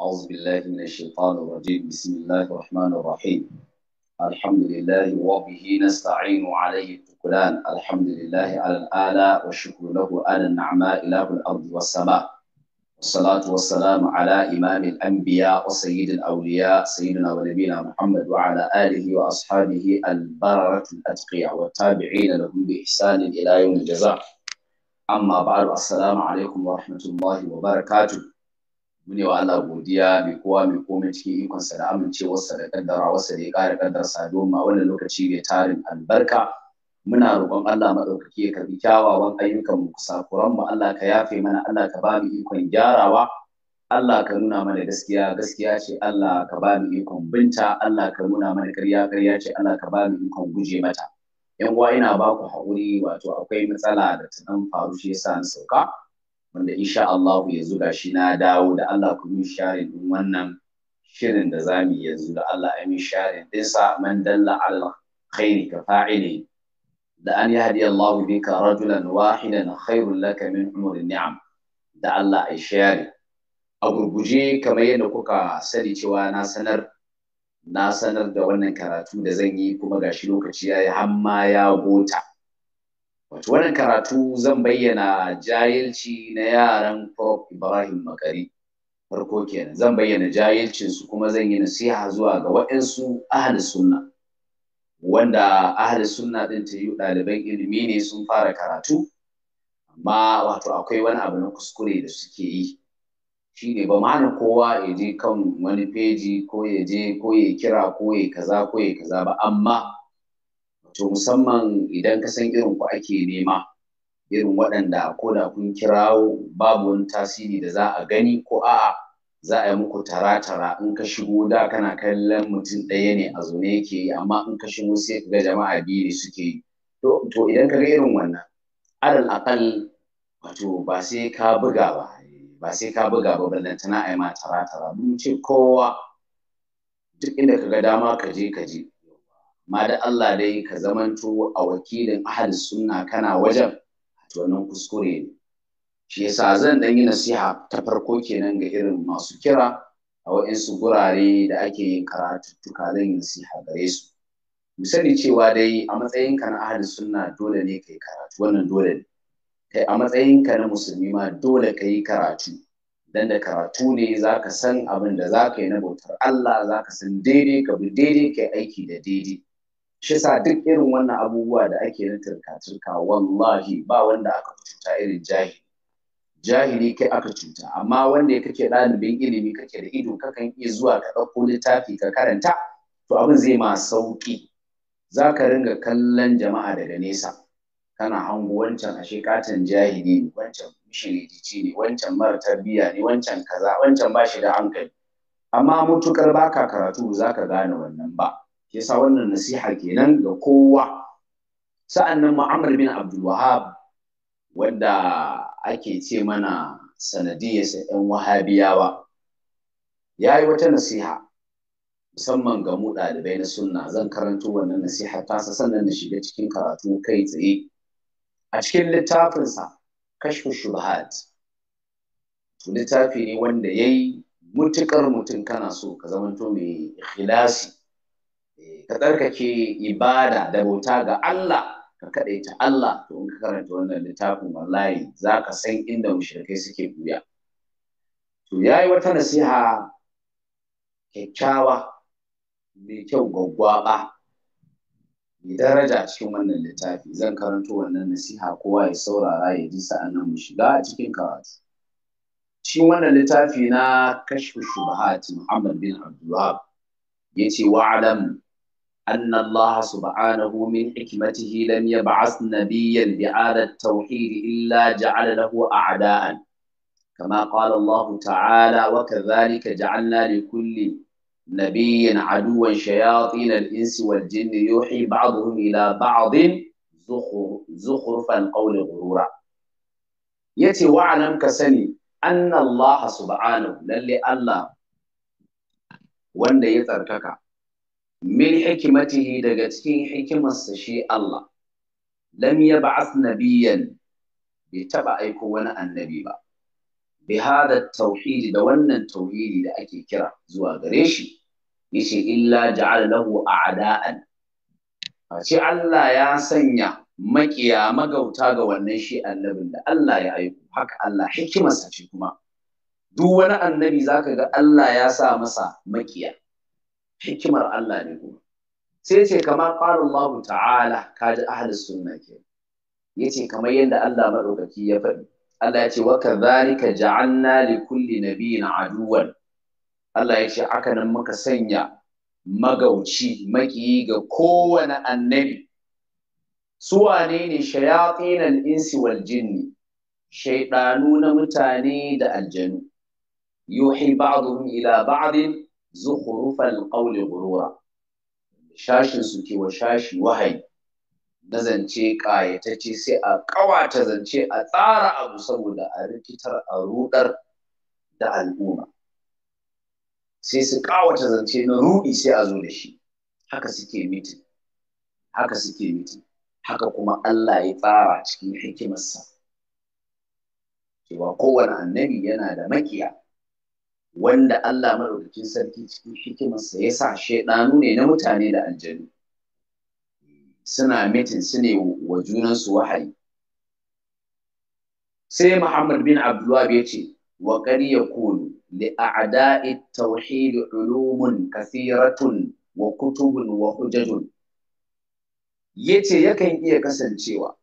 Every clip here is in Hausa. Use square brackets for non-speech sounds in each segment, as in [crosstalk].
أعوذ بالله من الشيطان الرجيم بسم الله الرحمن الرحيم الحمد لله وبه نستعين عليه التكلان الحمد لله على الآلاء والشكر له على النعماء إله الأرض والسماء والصلاة والسلام على إمام الأنبياء وسيد الأولياء سيدنا ونبينا محمد وعلى آله وأصحابه البررة الأتقياء والتابعين لهم بإحسان إلى يوم الجزاء أما بعد السلام عليكم ورحمة الله وبركاته mune wa Allah godiya mai kowa mai komai cikin ikonsa da amincewarsa da kaddara wasa da ya ƙara kaddarsa don ma wannan lokaci mai tarin albarka muna roƙon Allah maɗaukaki ya karbi kyawawan ayyukan mu kusakuran mu Allah ka yafe mana Allah ka ba mu ikon gyarawa Allah ka nuna mana gaskiya gaskiya ce Allah ka ba mu ikon binta Allah ka nuna mana ƙarya ƙarya ce Allah ka ba mu ikon guje mata yan uwa ina ba ku haƙuri wato akwai matsala da ta dan faru shi yasa na sauka wanda insha Allah ya zuga shi na dawo da Allah ku yi sharin din wannan shirin da za mu yi yanzu da Allah ya yi sharin din sa man dalla ala khairi ka fa'ili da an yahdi Allah bika rajulan wahidan khairul laka min ni'am da Allah ya share a gurguje kamar yadda kuka sani cewa na sanar na sanar da wannan karatu da zan yi kuma gashi lokaci yayi har ma ya gota Wato wannan karatu zan bayyana jahilci na yaran Prof Ibrahim Makari. Farko kenan zan bayyana jahilcinsu kuma zan yi nasiha zuwa ga waɗansu ahli sunna. Wanda ahli sunna ɗin ta yi ɗaliban ilimi ne sun fara karatu, amma wato akwai wani abu na kuskure da suke yi. Shi ne ba ma kowa ya je kan wani feji ko ya je ko ya kira ko ya kaza ko ya kaza ba, amma to musamman idan ka san irin ku ake nema irin waɗanda ko da kun kirawo babu wani tasiri da za a gani ko a'a za a yi muku tara-tara in ka shigo da kana kallon mutum ɗaya ne a zaune yake yi amma in ka shigo sai ka ga jama'a biyu ne suke yi to idan ka ga irin wannan adal aƙal wato ba sai ka buga ba ba sai ka buga ba ballantana a yi ma tara-tara mun ce kowa duk inda ka ga dama ka je ka je ma da Allah dai ka zamanto a wakilin ahal sunna kana wajen to wannan kuskure ne shi yasa zan dan yi nasiha ta farko kenan ga irin masu kira a waɗansu gurare da ake yin karatuttuka zan yi nasiha gare su mu sani cewa dai a matsayinka na ahal sunna dole ne kai karatu wannan dole ne kai a matsayinka na musulmi ma dole ka karatu dan da karatu ne za ka san abin da za ka yi na bautar Allah za ka san daidai ka bi daidai ka aiki da daidai shi sa duk irin wannan abubuwa da ake na turka-turka wallahi ba wanda aka cuta irin jahili jahili kai aka cuta amma wanda ya kake ɗalibin ilimi kake da ido kakan iya zuwa ka ɗauko littafi ka karanta to abin zai ma sauƙi za ka ringa kallon jama'a daga nesa kana hango wancan ashe katon jahili ne wancan mishirici ne wancan mara tarbiyya ne wancan kaza wancan ba shi da hankali amma mutukar baka karatu za ka gane wannan ba yasa wannan nasiha kenan ga kowa sa'annan mu'amar bin Abdul wahab wanda ake ce mana sanadiyarsa ‘yan wahabiyawa ya yi wata nasiha musamman ga mu ɗalibai na sunna zan karanto wannan nasiha tasa sannan na shiga cikin karatu kai tsaye a cikin littafinsa kashfu shubhat littafi ne wanda ya yi mutuƙar mutum kana so ka zamanto mai ikhlasi ka tsarkake ibada da bauta ga Allah ka kaɗaita Allah to in ka karanta wannan littafin wallahi za ka san inda mushrikai suke buya to ya yi wata nasiha kyakkyawa mai kyau gwaggwaɓa mai daraja cikin wannan littafi zan karanto wannan nasiha kowa ya saurara ya ji sa'annan mu shiga cikin karatu shi wannan littafi na kashfu shubahat Muhammad bin Abdulwahab yace wa'lam أن الله سبحانه من حكمته لم يبعث نبيا بهذا التوحيد إلا جعل له أعداء كما قال الله تعالى وكذلك جعلنا لكل نبي عدوا شياطين الإنس والجن يوحي بعضهم إلى بعض زخرف القول غرورا يتي وعلم كسني أن الله سبحانه للي الله وأن يتركك min hikimatihi daga cikin hikimarsa shi Allah lam yab'ath nabiyyan bai taba aiko wani annabi ba bi hada tauhidi da wannan tauhidi da ake kira zuwa gare shi yace illa ja'al lahu a'da'an ce Allah ya sanya makiya magauta ga wannan shi annabin da Allah ya aiko haka Allah hikimarsa ce kuma duk wani annabi zaka ga Allah ya sa masa makiya hikimar Allah ne kuma sai ce kama qala Allah ta'ala kaji ahli sunna ke yace kamar yadda Allah madaukaki ya faɗi Allah ya ce wa kadhalika ja'alna li kulli nabiyyin aduwan Allah ya ce haka nan muka sanya magauci makiyi ga kowane annabi su wane ne shayatin insi wal jinni shaiɗanu na mutane da aljanu yuhi ba'dhum ila ba'din zukhrufal qawli ghurura shashin su ke wa shashi wahayi na zance ƙayatacce sai a ƙawata zance a tsara abu saboda a rikitar a rudar da al'umma sai su ƙawata zance na ruɗi sai a zo da shi haka suke mitin haka suke mitin haka kuma Allah ya tsara cikin hikimarsa cewa kowane annabi yana da makiya wanda Allah maɗaukakin sarki cikin hikimarsa ya sa shaidanu ne na mutane da aljanu suna mitin su ne wa junansu wahayi sai Muhammad bin Abdulwahab ya ce wa qad yakunu li a'da'i tauhid ulumun kathiratun wa kutubun wa hujajun yace yakan iya kasancewa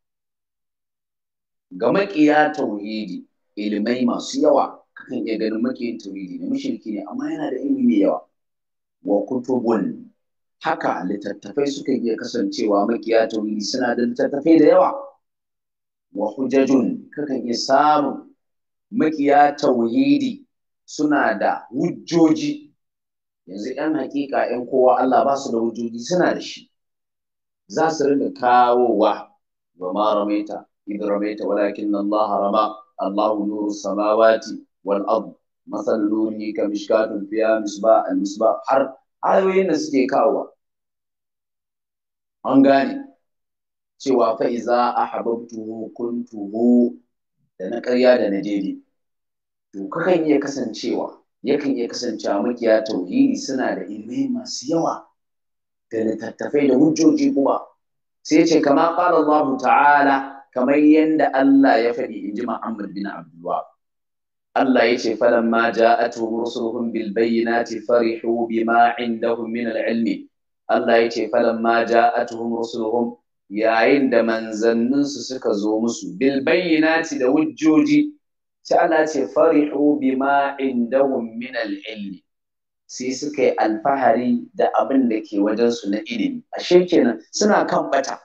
ga maƙiya tauhidi ilimai masu yawa kan iya ganin makiyin tauhidi na mushriki ne amma yana da ilimi mai yawa wa kutubun haka littattafai suka iya kasancewa makiya tauhidi suna da littattafai da yawa wa hujjajun kakan iya samun makiya tauhidi suna da hujjoji yanzu yan hakika yan kowa Allah ba su da hujjoji suna da shi za su rinka kawowa wa ma ramaita idan ramaita walakin Allah rama Allahu nuru samawati wal ard masalloli ka mishkatun fiya misba al misba har ayoyin da suke kawo an gane cewa a iza ahabbtuhu kuntuhu da na ƙarya da na daidai to kakan iya kasancewa yakan iya kasancewa makiya tauhidi suna da ilmai masu yawa da littattafai da hujjoji kuma sai ce kama qala Allah ta'ala kamar yadda Allah ya faɗi in ji Muhammad bin Abdullah Allah ya ce falan ma ja'atuhum rusuluhum bil bayyinati farihu bima indahum min al ilmi Allah ya ce falan ma ja'atuhum rusuluhum yayin da manzannin su suka zo musu bil bayyinati da wujjoji sai Allah ce farihu bima indahum min al ilmi sai suka yi alfahari da abin da ke wajen su na ilimi ashe kenan suna kan bata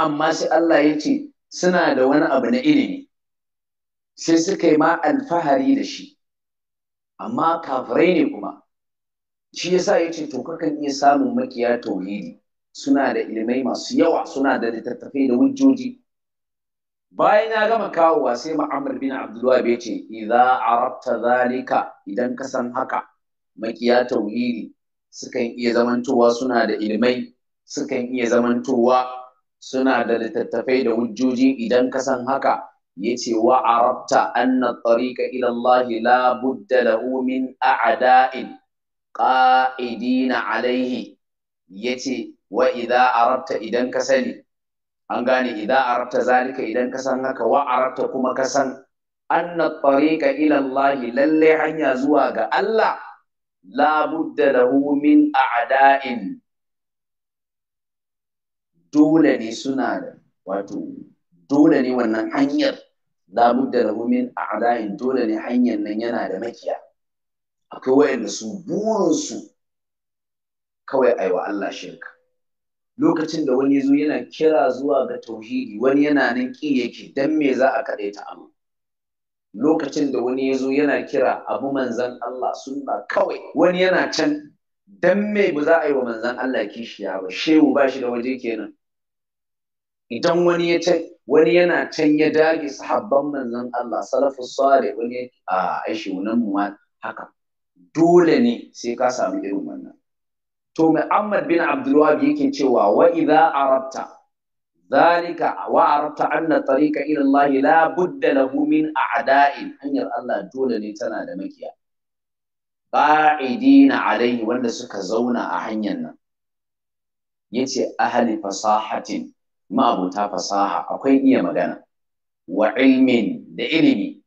amma sai Allah ya ce suna da wani abu na ilimi sai suka yi ma alfahari da shi amma kafirai ne kuma shi yasa ya ce to kakan iya samun makiya tauhidi suna da ilimai masu yawa suna da littattafai da hujjoji bayan ya gama kawowa sai ma'amar bin abdullahi bai ce idza arabta zalika idan ka san haka makiya tauhidi sukan iya zamantowa suna da ilimai sukan iya zamantowa suna da littattafai da hujjoji idan ka san haka yace wa arabta anna tariqa ila Allah la budda lahu min a'da'in qa'idina alaihi yace wa idha arabta idan ka sani an gane idha arabta zalika idan ka san haka wa arabta kuma ka san anna tariqa ila Allah lalle hanya zuwa ga Allah la budda lahu min a'da'in dole ne suna da wato dole ne wannan hanyar da lahu min a'da'in dole ne hanyar nan yana da makiya akwai wayanda su burinsu kawai wa Allah shirka lokacin da wani zo yana kira zuwa ga tauhidi wani yana nan ki yake dan me za a kaɗe ta amma. lokacin da wani zo yana kira abu manzan Allah sunna kawai wani yana can dan me ba za a yi wa manzan Allah kishiya ba shehu bashi da waje kenan idan wani ya ce wani yana can ya dage sahabban manzon Allah salafus salih wani a aishi wannan mu ma haka dole ne sai ka samu irin wannan to Muhammad bin Abdul Wahab yake cewa wa idza arabta ذلك وعرفت أن الطريق إلى الله لا بد له hanyar Allah dole ne tana da makiya qa'idina alaihi wanda suka zauna a hanyar nan yace ahli fasahatin ma'abuta fasaha akwai iya magana wa ilmin da ilimi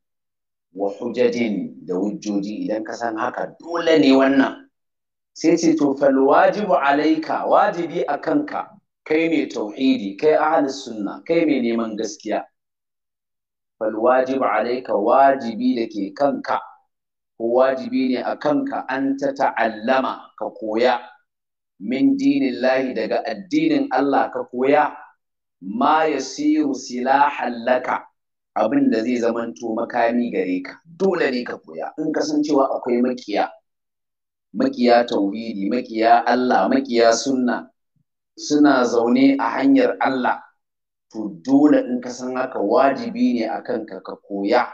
wa hujjajin da hujjoji idan ka san haka dole ne wannan sai ce to fal wajibu alaika wajibi a kanka kai mai tauhidi kai ahli sunna kai mai neman gaskiya fal wajibu alaika wajibi da ke kanka ko wajibi ne a kanka an ta ta'allama ka koya min dinin lahi daga addinin Allah ka koya ma siyo silahan laka abin da zai zamanto makami gare ka dole ne ka koya in kasancewa akwai makiya makiya tauhidi makiya Allah makiya sunna suna zaune a hanyar Allah to dole in ka san haka wajibi ne akan ka ka koya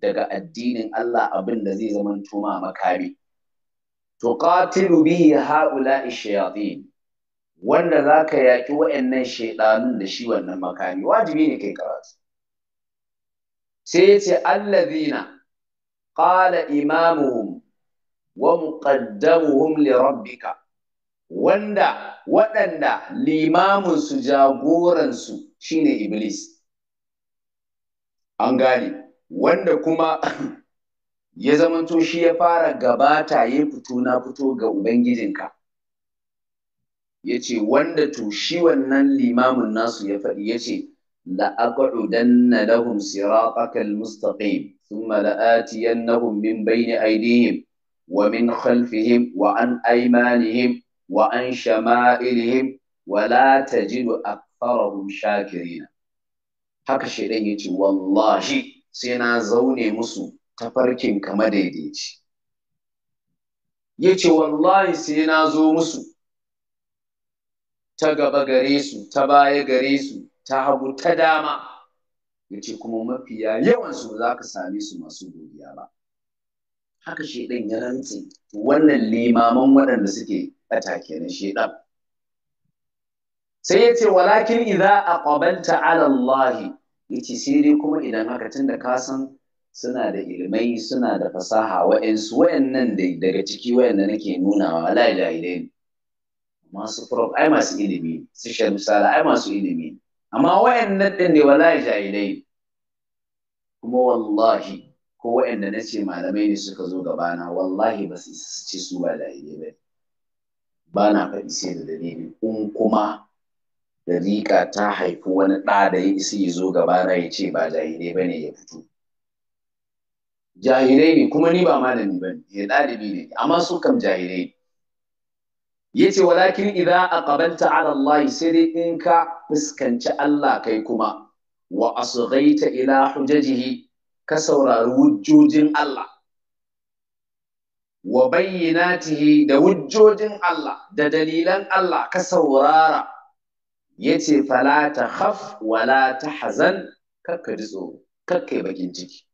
daga addinin Allah abin da zai zama ma makami to qatilu bihi haula'i shayatin wanda za ka yaƙi wa'annan shaidanun da shi wannan makami wajibi ne kai karatu sai ya ce allazina qala imamuhum wa muqaddamuhum li rabbika wanda waɗanda limaminsu jagoransu shine iblis an gane wanda kuma [clears throat] ya zamanto shi ya fara gabata ya fito na fito ga ubangijinka ya ce wanda to shi wannan limamin nasu ya faɗi ya ce la'aƙa'udanna lahum siratakal mustaqim thumma la'atiyannahum min bayni aydihim wa min khalfihim wa an aymanihim wa an shama'ilihim wa la tajidu aktharahum shakirina haka shaidan ya ce wallahi sai na zaune musu tafarkin kama daidaici ya ce wallahi sai na zo musu ta gaba gare su ta baya gare su ta hagu ta dama ce kuma mafiya yawan su za ka same su masu godiya ba haka shaidan ya rantse wannan limaman waɗanda suke take na shaidan sai ya ce walakin idza aqbalta ala Allah yace sai dai kuma idan haka tunda ka san suna da ilmai suna da fasaha wa'ansu wayannan daga ciki da nake nunawa la jahilai ne masu prof ai masu ilimi su sharu sala ai masu ilimi amma wayannan din ne wallahi jahilai kuma wallahi ko wayanda na ce malamai ne suka zo gabana wallahi ba su ce su ba jahilai ba ba na faɗi sai da dalili in kuma dariƙa ta haifi wani ɗa da ya isa ya zo gabana ya ce ba jahilai ba ne ya fito jahilai ne kuma ni ba malami ba ne ɗalibi ne amma su kam jahilai ne yace walakin idza aqbalta ala Allah sai dai in ka fuskanci Allah kai kuma wa asghaita ila hujajihi ka saurari wujjojin Allah wa bayyinatihi da wujjojin Allah da dalilan Allah ka saurara yace fala ta khaf wala tahzan kakka ji tsoro kakka bakin ciki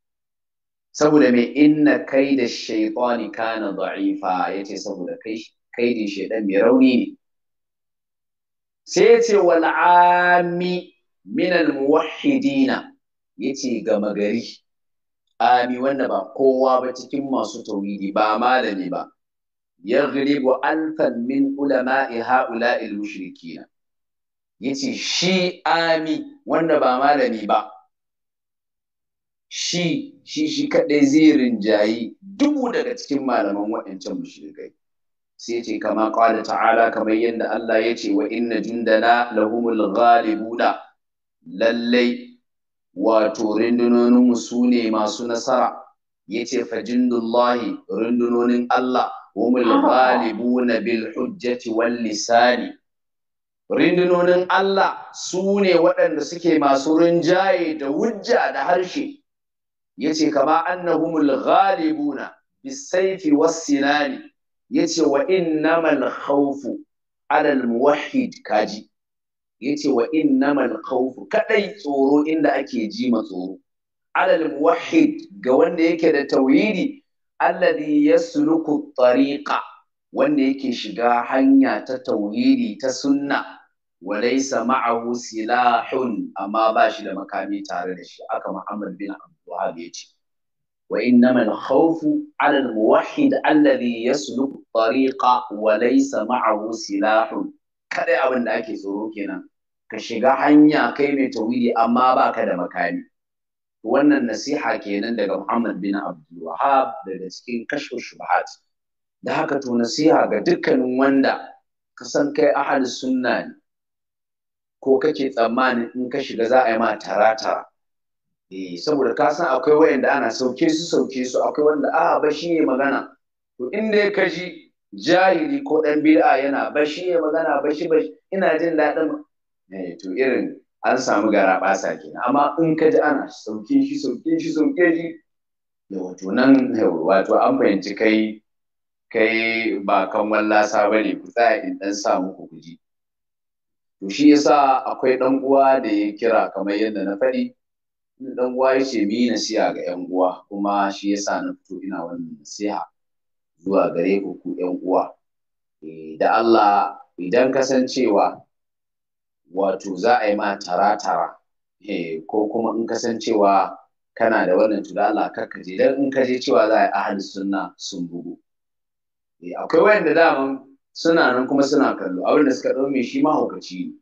saboda mai inna kai da shaytani kana da'ifa yace saboda kai kaidin shedan mai rauni ne sai ya ce wal ami minal muwahhidina yace gama gari ami wanda ba kowa ba cikin masu tauhidi ba malami ba yaghlibu alfan min ha'ula ha'ula'il mushrikina yace shi ami wanda ba malami ba shi shi shi kadai zai rinjayi dubu daga cikin malaman waɗancan mushrikai sai ce kama qala ta'ala kamar yadda Allah ya ce wa inna jundana lahumul ghalibuna lallai wato rundunoninmu su ne masu nasara ya ce fa jindullahi rundunonin Allah humul ah. ghalibuna bil hujjati wal lisani rundunonin Allah su ne waɗanda suke masu rinjaye da hujja da harshe ya ce kama annahumul ghalibuna bisayfi was sinani yace wa innamal khawfu alal muwahid kaji yace wa innamal khawfu kadai tsoro inda ake ji ma tsoro alal muwahid ga wanda yake da tauhidi ya yasluku tariqa wanda yake shiga hanya ta tauhidi ta sunna wa ma'ahu silahun amma ba shi da makami tare da shi aka Muhammad bin Abdul Wahhab yace وإنما الخوف على الموحد الذي يسلك الطريق وليس معه سلاح kada abin da ake tsoro kenan ka shiga hanya kai mai tauhidi amma baka da makami wannan nasiha kenan daga Muhammad bin Abdul Wahhab daga cikin kashfu shubuhat da haka to nasiha ga dukkanin wanda ka san kai ahlus sunna ne ko kake tsammani in ka shiga za a yi ma tara tara Eh, saboda ka san akwai wayanda ana sauke su sauke su akwai wanda a ah, ba shi ne magana to in dai ka ji jahili ko dan bid'a yana ba shi ne magana ba shi ina jin daɗin eh, to irin an samu gara basa kenan amma in ka ji ana sauke shi sauke shi sauke shi yawa to nan wato an fahimci kai kai ba kan wallasa ba ne ku tsaya in dan sa muku kuji to shi yasa akwai ɗan uwa da ya kira kamar yadda na faɗi dan uwa yace mi nasiha ga yan uwa kuma shi yasa na fito ina wannan nasiha zuwa gare ku ku yan uwa eh, da Allah idan kasancewa wato za a yi ma tara-tara eh, ko kuma in kasancewa kana da wannan tuna Allah kakka je dan in ka je cewa za a yi ahli sunna sun bugu eh, akwai wayanda daman suna nan kuma suna kallo abinda da suka ɗaume shi mahaukaci ne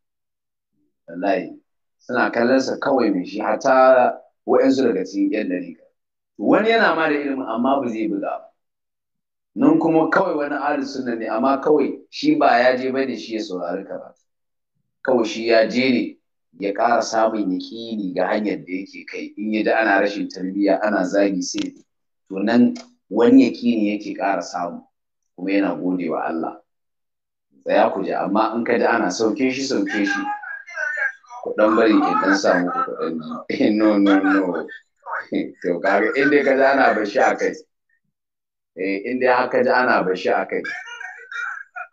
wallahi suna sa kawai mai shi hata wa'yansu daga cikin yan ka wani yana ma da ilimin amma ba zai buga ba nan kuma kawai wani ahli sunna ne amma kawai shi ba ya je ba bane shi ya saurari karatu kawai shi ya je ne ya ƙara samun yaƙini ga hanyar da yake kai in ya da ana rashin tarbiyya ana zagi sai to nan wani yaƙini yake ƙara samu kuma yana gode wa Allah tsaya ku ji amma in ka da ana sauke shi sauke shi kudan bari in dan samu kudan ji [laughs] eh, no no no [laughs] to kaga a kai eh haka ji ana bashi a kai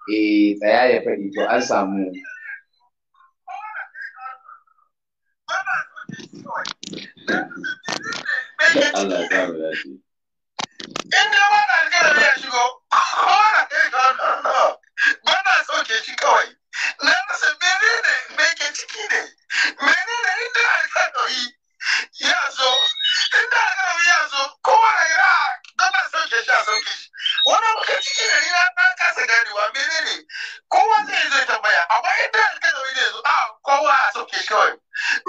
eh tsaya ya faɗi to an samu [laughs] na rasa menene me ke ciki ne ne inda aka ɗauki ya zo inda aka ɗauki ya zo kowa ya na ah, sauke shi a sauke shi wani muka ciki ne na na kasa ganewa menene kowa zai zo tambaya amma inda aka ɗauki ne zo a ah, kowa a sauke shi kawai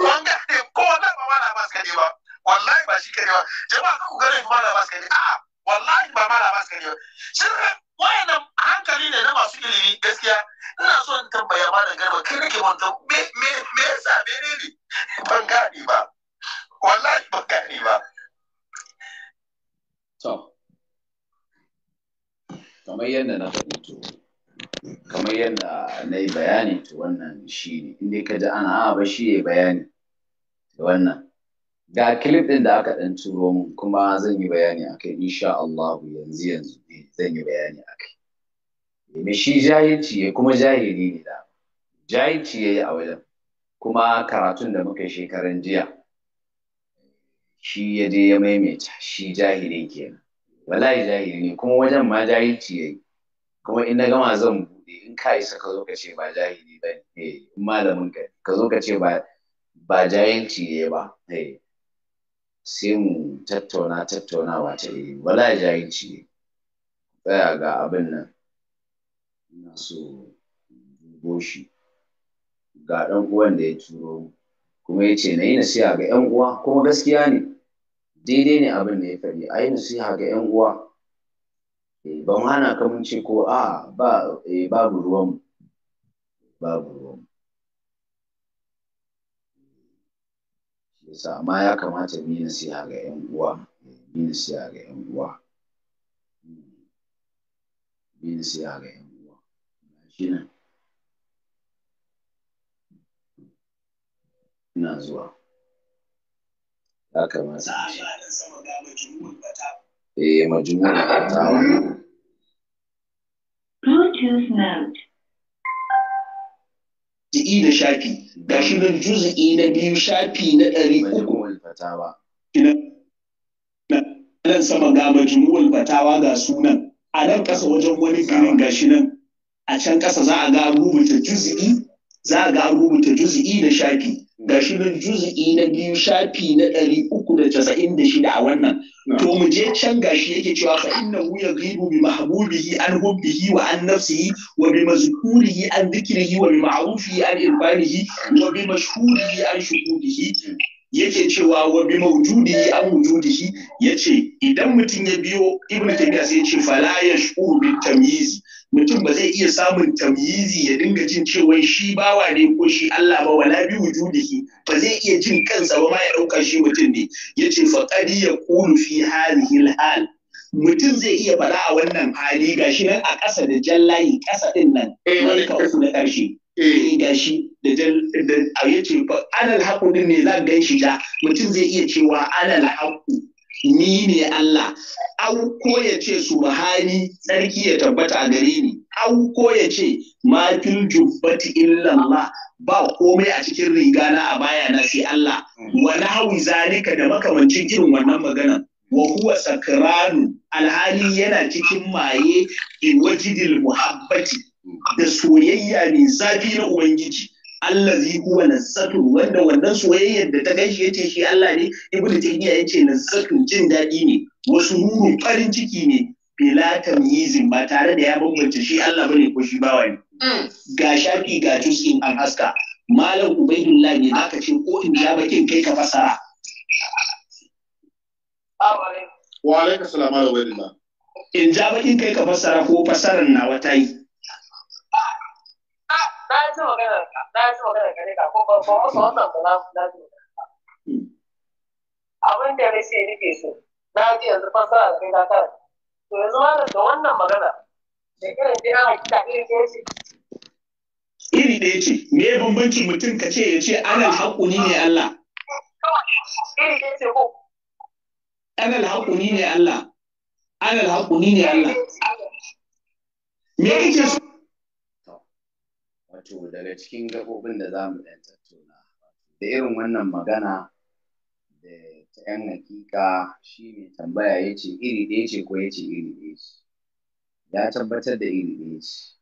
wanga ne kowa na ba mana ba su ba wallahi ba shi kare ba jama'a kan ku gane mana ba su kare a'a wallahi ba mana ba su kare ba wayannan hankali ne na masu ilimi gaskiya ina so in tambaya ma da garba kai nake wanda me me me yasa menene ban gane ba wallahi ban gane ba to kamar yadda na faɗi to kamar yadda na yi bayani to wannan shi ne in inda ka ji ana a ah, ba shi ya bayani da wannan ga clip ɗin da aka ɗan turo mun kuma zan yi bayani a kai, insha Allah yanzu yanzu zan yi bayani a kai domin shi jahilci ya kuma jahili ne da jahilci ya yi a wajen kuma karatun da muka shekaran jiya shi ya je ya maimaita shi jahilin kenan wallahi jahili ne kuma wajen ma jahilci ya yi kuma in na gama zan buɗe in ka isa ka zo ka ce ba jahili ba ne eh, in malamin ka ka zo ka ce ba ba jahilci ne ba eh. sai mu tattauna tattaunawa ta yi. wallahi jahilci ne tsaya ga abin nan ina so in dubo shi ga ɗan uwan da ya turo kuma ya ce na yi nasiha ga ƴan uwa kuma gaskiya ne daidai ne abin da ya faɗi a yi nasiha ga 'yan uwa eh, ban hana ka mun ce ko a ba eh, babu ruwan babu ruwan yasa amma ya kamata mu yi nasiha ga ƴan uwa eh, mu yi nasiha ga 'yan uwa yin siya ga ‘yan uwa. Shi nan. Ina zuwa. Ya kamata. Eh, majmu'ul fatawa. Bluetooth mode. Ji'i da shafi, ga shi nan juzu'i na biyu shafi na ɗari uku. Nan sama ga majmu'ul fatawa ga sunan. a nan ƙasa wajen wani filin gashi nan a can ƙasa za a ga rubuta juzi'i za a ga rubuta juzi'i da shafi gashi nan juzi'i na biyu shafi na ɗari uku da casa'in da shida a wannan to mu je can gashi yake cewa fa inna hu yaghibu bi mahbubihi an hubbihi wa an nafsihi wa bi mazkurihi an dhikrihi wa bi ma'rufihi an irfanihi wa bi mashhurihi an shuhudihi yake cewa wa bi mawjudihi an wujudihi ya ce idan mutum ya biyo ibn taymiya sai ya ce fala yashuru bi tamyizi mutum ba zai iya samun tamyizi ya dinga jin cewa shi bawa ne ko shi Allah ba wala bi wujudihi ba zai iya jin kansa ba ma ya dauka shi mutum ne yace fa qad yaqulu fi hadhihi al mutum zai iya faɗa a wannan hali gashi nan a ƙasa da jallahi ƙasa ɗin nan eh, ka uku na ƙarshe eh. Eh, gashi da ya ce alal haqu din ne zan gan shi ja mutum zai iya cewa alal haqu ni ne Allah au ko ya ce subhani tsarki ya tabbata a gare ni au ko ya ce ma fil jubbati illallah ba komai a cikin riga na a baya na sai Allah wa nahwi zalika da makamancin irin wannan maganan wa huwa sakranu alhali yana cikin maye in wajidil muhabbati da soyayya ne zafi na ubangiji Allah allazi huwa nazzatu wanda wannan soyayyar da ta gaishe yace shi Allah ne Ibn taymiya yace nazzatu jin daɗi ne wasu huru farin ciki ne bila tamyizin ba tare da ya bambance shi Allah bane ko shi bawa ne mm. ga shafi ga tusin an haska malam ubaidullah ne aka ce ko in ja bakin kai ka fasara wa alaikum salam wa in ja bakin kai ka fasara ko fasaran nawa wata yi na ji magana na ji ka ko ba wannan so na ji yanzu da yanzu wannan a ce iri ɗaya ce me bambancin mutum ka ce ya ce anal haƙuni ne Allah iri ɗaya ce ko anal haƙuni ne Allah anal haƙuni ne Allah me kake so wato daga cikin gaɓoɓin da za mu ɗan tattauna da irin wannan magana da ta ‘yan hakika shi ne tambaya ya ce iri ɗaya ce ko ya ce iri ɗaya ce ya tabbatar da iri ɗaya ce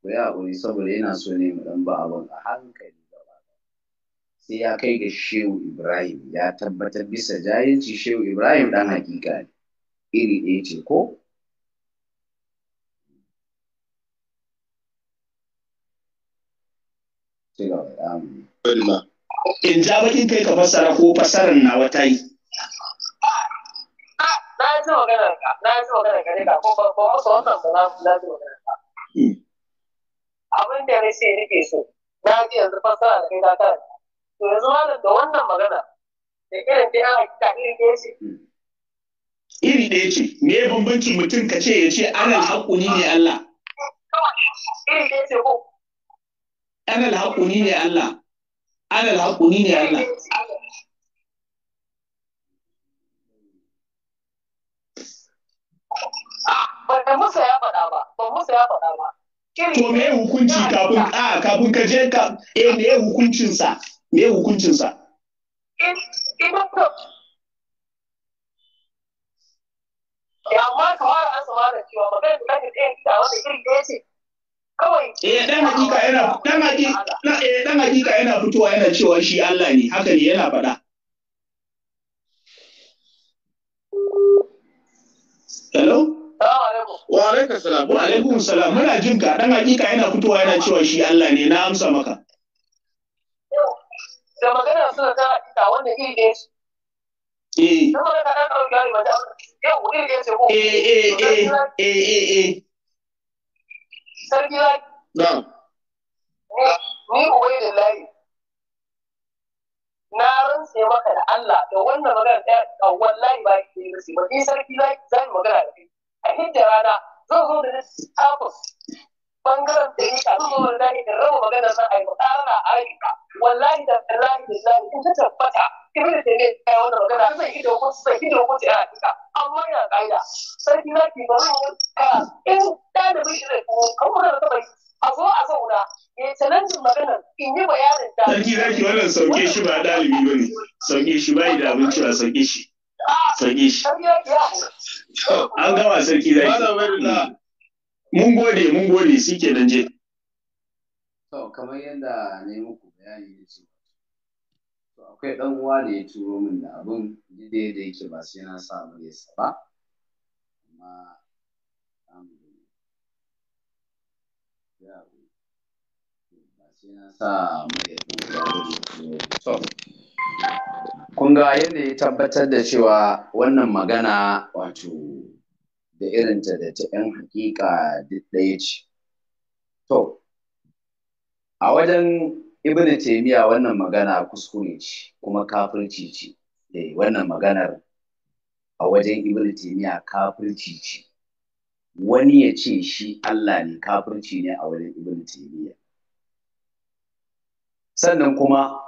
ku yi haƙuri saboda yana so ne mu ɗan ba abin a hankali sai ya kai ga shehu ibrahim ya tabbatar bisa jahilci shehu ibrahim ɗan hakika ne iri ɗaya ce ko in ja bakin kai ka fassara ko fassarar na wata yi na ji maganar ka na ji maganar ka ne ka ko ba musu wannan ba na ji maganar ka hmm. abin da na ce nake so na ji yanzu fassara da kai ta tara to yanzu malam da wannan magana da irin da ya ta iri ɗaya ce iri ɗaya ce me bambancin mutum ka ce ya ce anan haƙuni ne Allah iri ɗaya ce ko Anan haƙuni ne Allah ana da ne Allah ba musa ya faɗa ba ba musa ya faɗa ba to me hukunci kafin a kafin ka je ka eh me hukuncin sa me hukuncin sa amma kamar an samara cewa magana da kake da wani iri da Eh dan hakika yana dan hakika eh, dan hakika yana fitowa yana cewa shi Allah ne haka ne yana faɗa. Hello? Wa alaikum salam. Wa alaikum salam. Muna jin ka dan hakika yana fitowa yana cewa shi Allah ne na amsa maka. Da magana suna ta hakika wanda iri ne eh. eh. Eh eh eh eh eh eh. sarki zaki na'am eh, ni da ubaidillahi na rantse maka da Allah da wannan magana ta wallahi ba ki da shi ba ki sarki zaki zan magana da kai a hidda rana zan zo da status bangaren da ya shafi zo da zai raba magana sa a yi mutarana a rika wallahi da wallahi da zai in ta tabbata ibn da ne kai wannan magana zai yi da hukunci zai yi da yi a rika amma yana kaida sarki zaki ba zan in ɗalibin shi zai tuwo kan a zo a zauna ya maganar in yi bayanin da sarki wannan sauke shi ba ɗalibi ba ne sauke shi ba da abinci ba sauke shi sauke shi an gama sarki zaki mun gode mun gode shi ke nan je to kamar yadda na yi muku bayani ne ce to akwai ɗan uwa da ya turo min da abin da yake ba sai na sa ba ba amma kun ga yadda ya tabbatar da cewa wannan magana wato da irinta da ta 'yan hakika duk ɗaya ce to a wajen ibn taimiya wannan magana kuskure ce kuma kafirci ce eh, wannan maganar a wajen ibn taimiya kafirci ce wani ya ce shi Allah ne kafirci ne a wajen ibn Taymiyya sannan kuma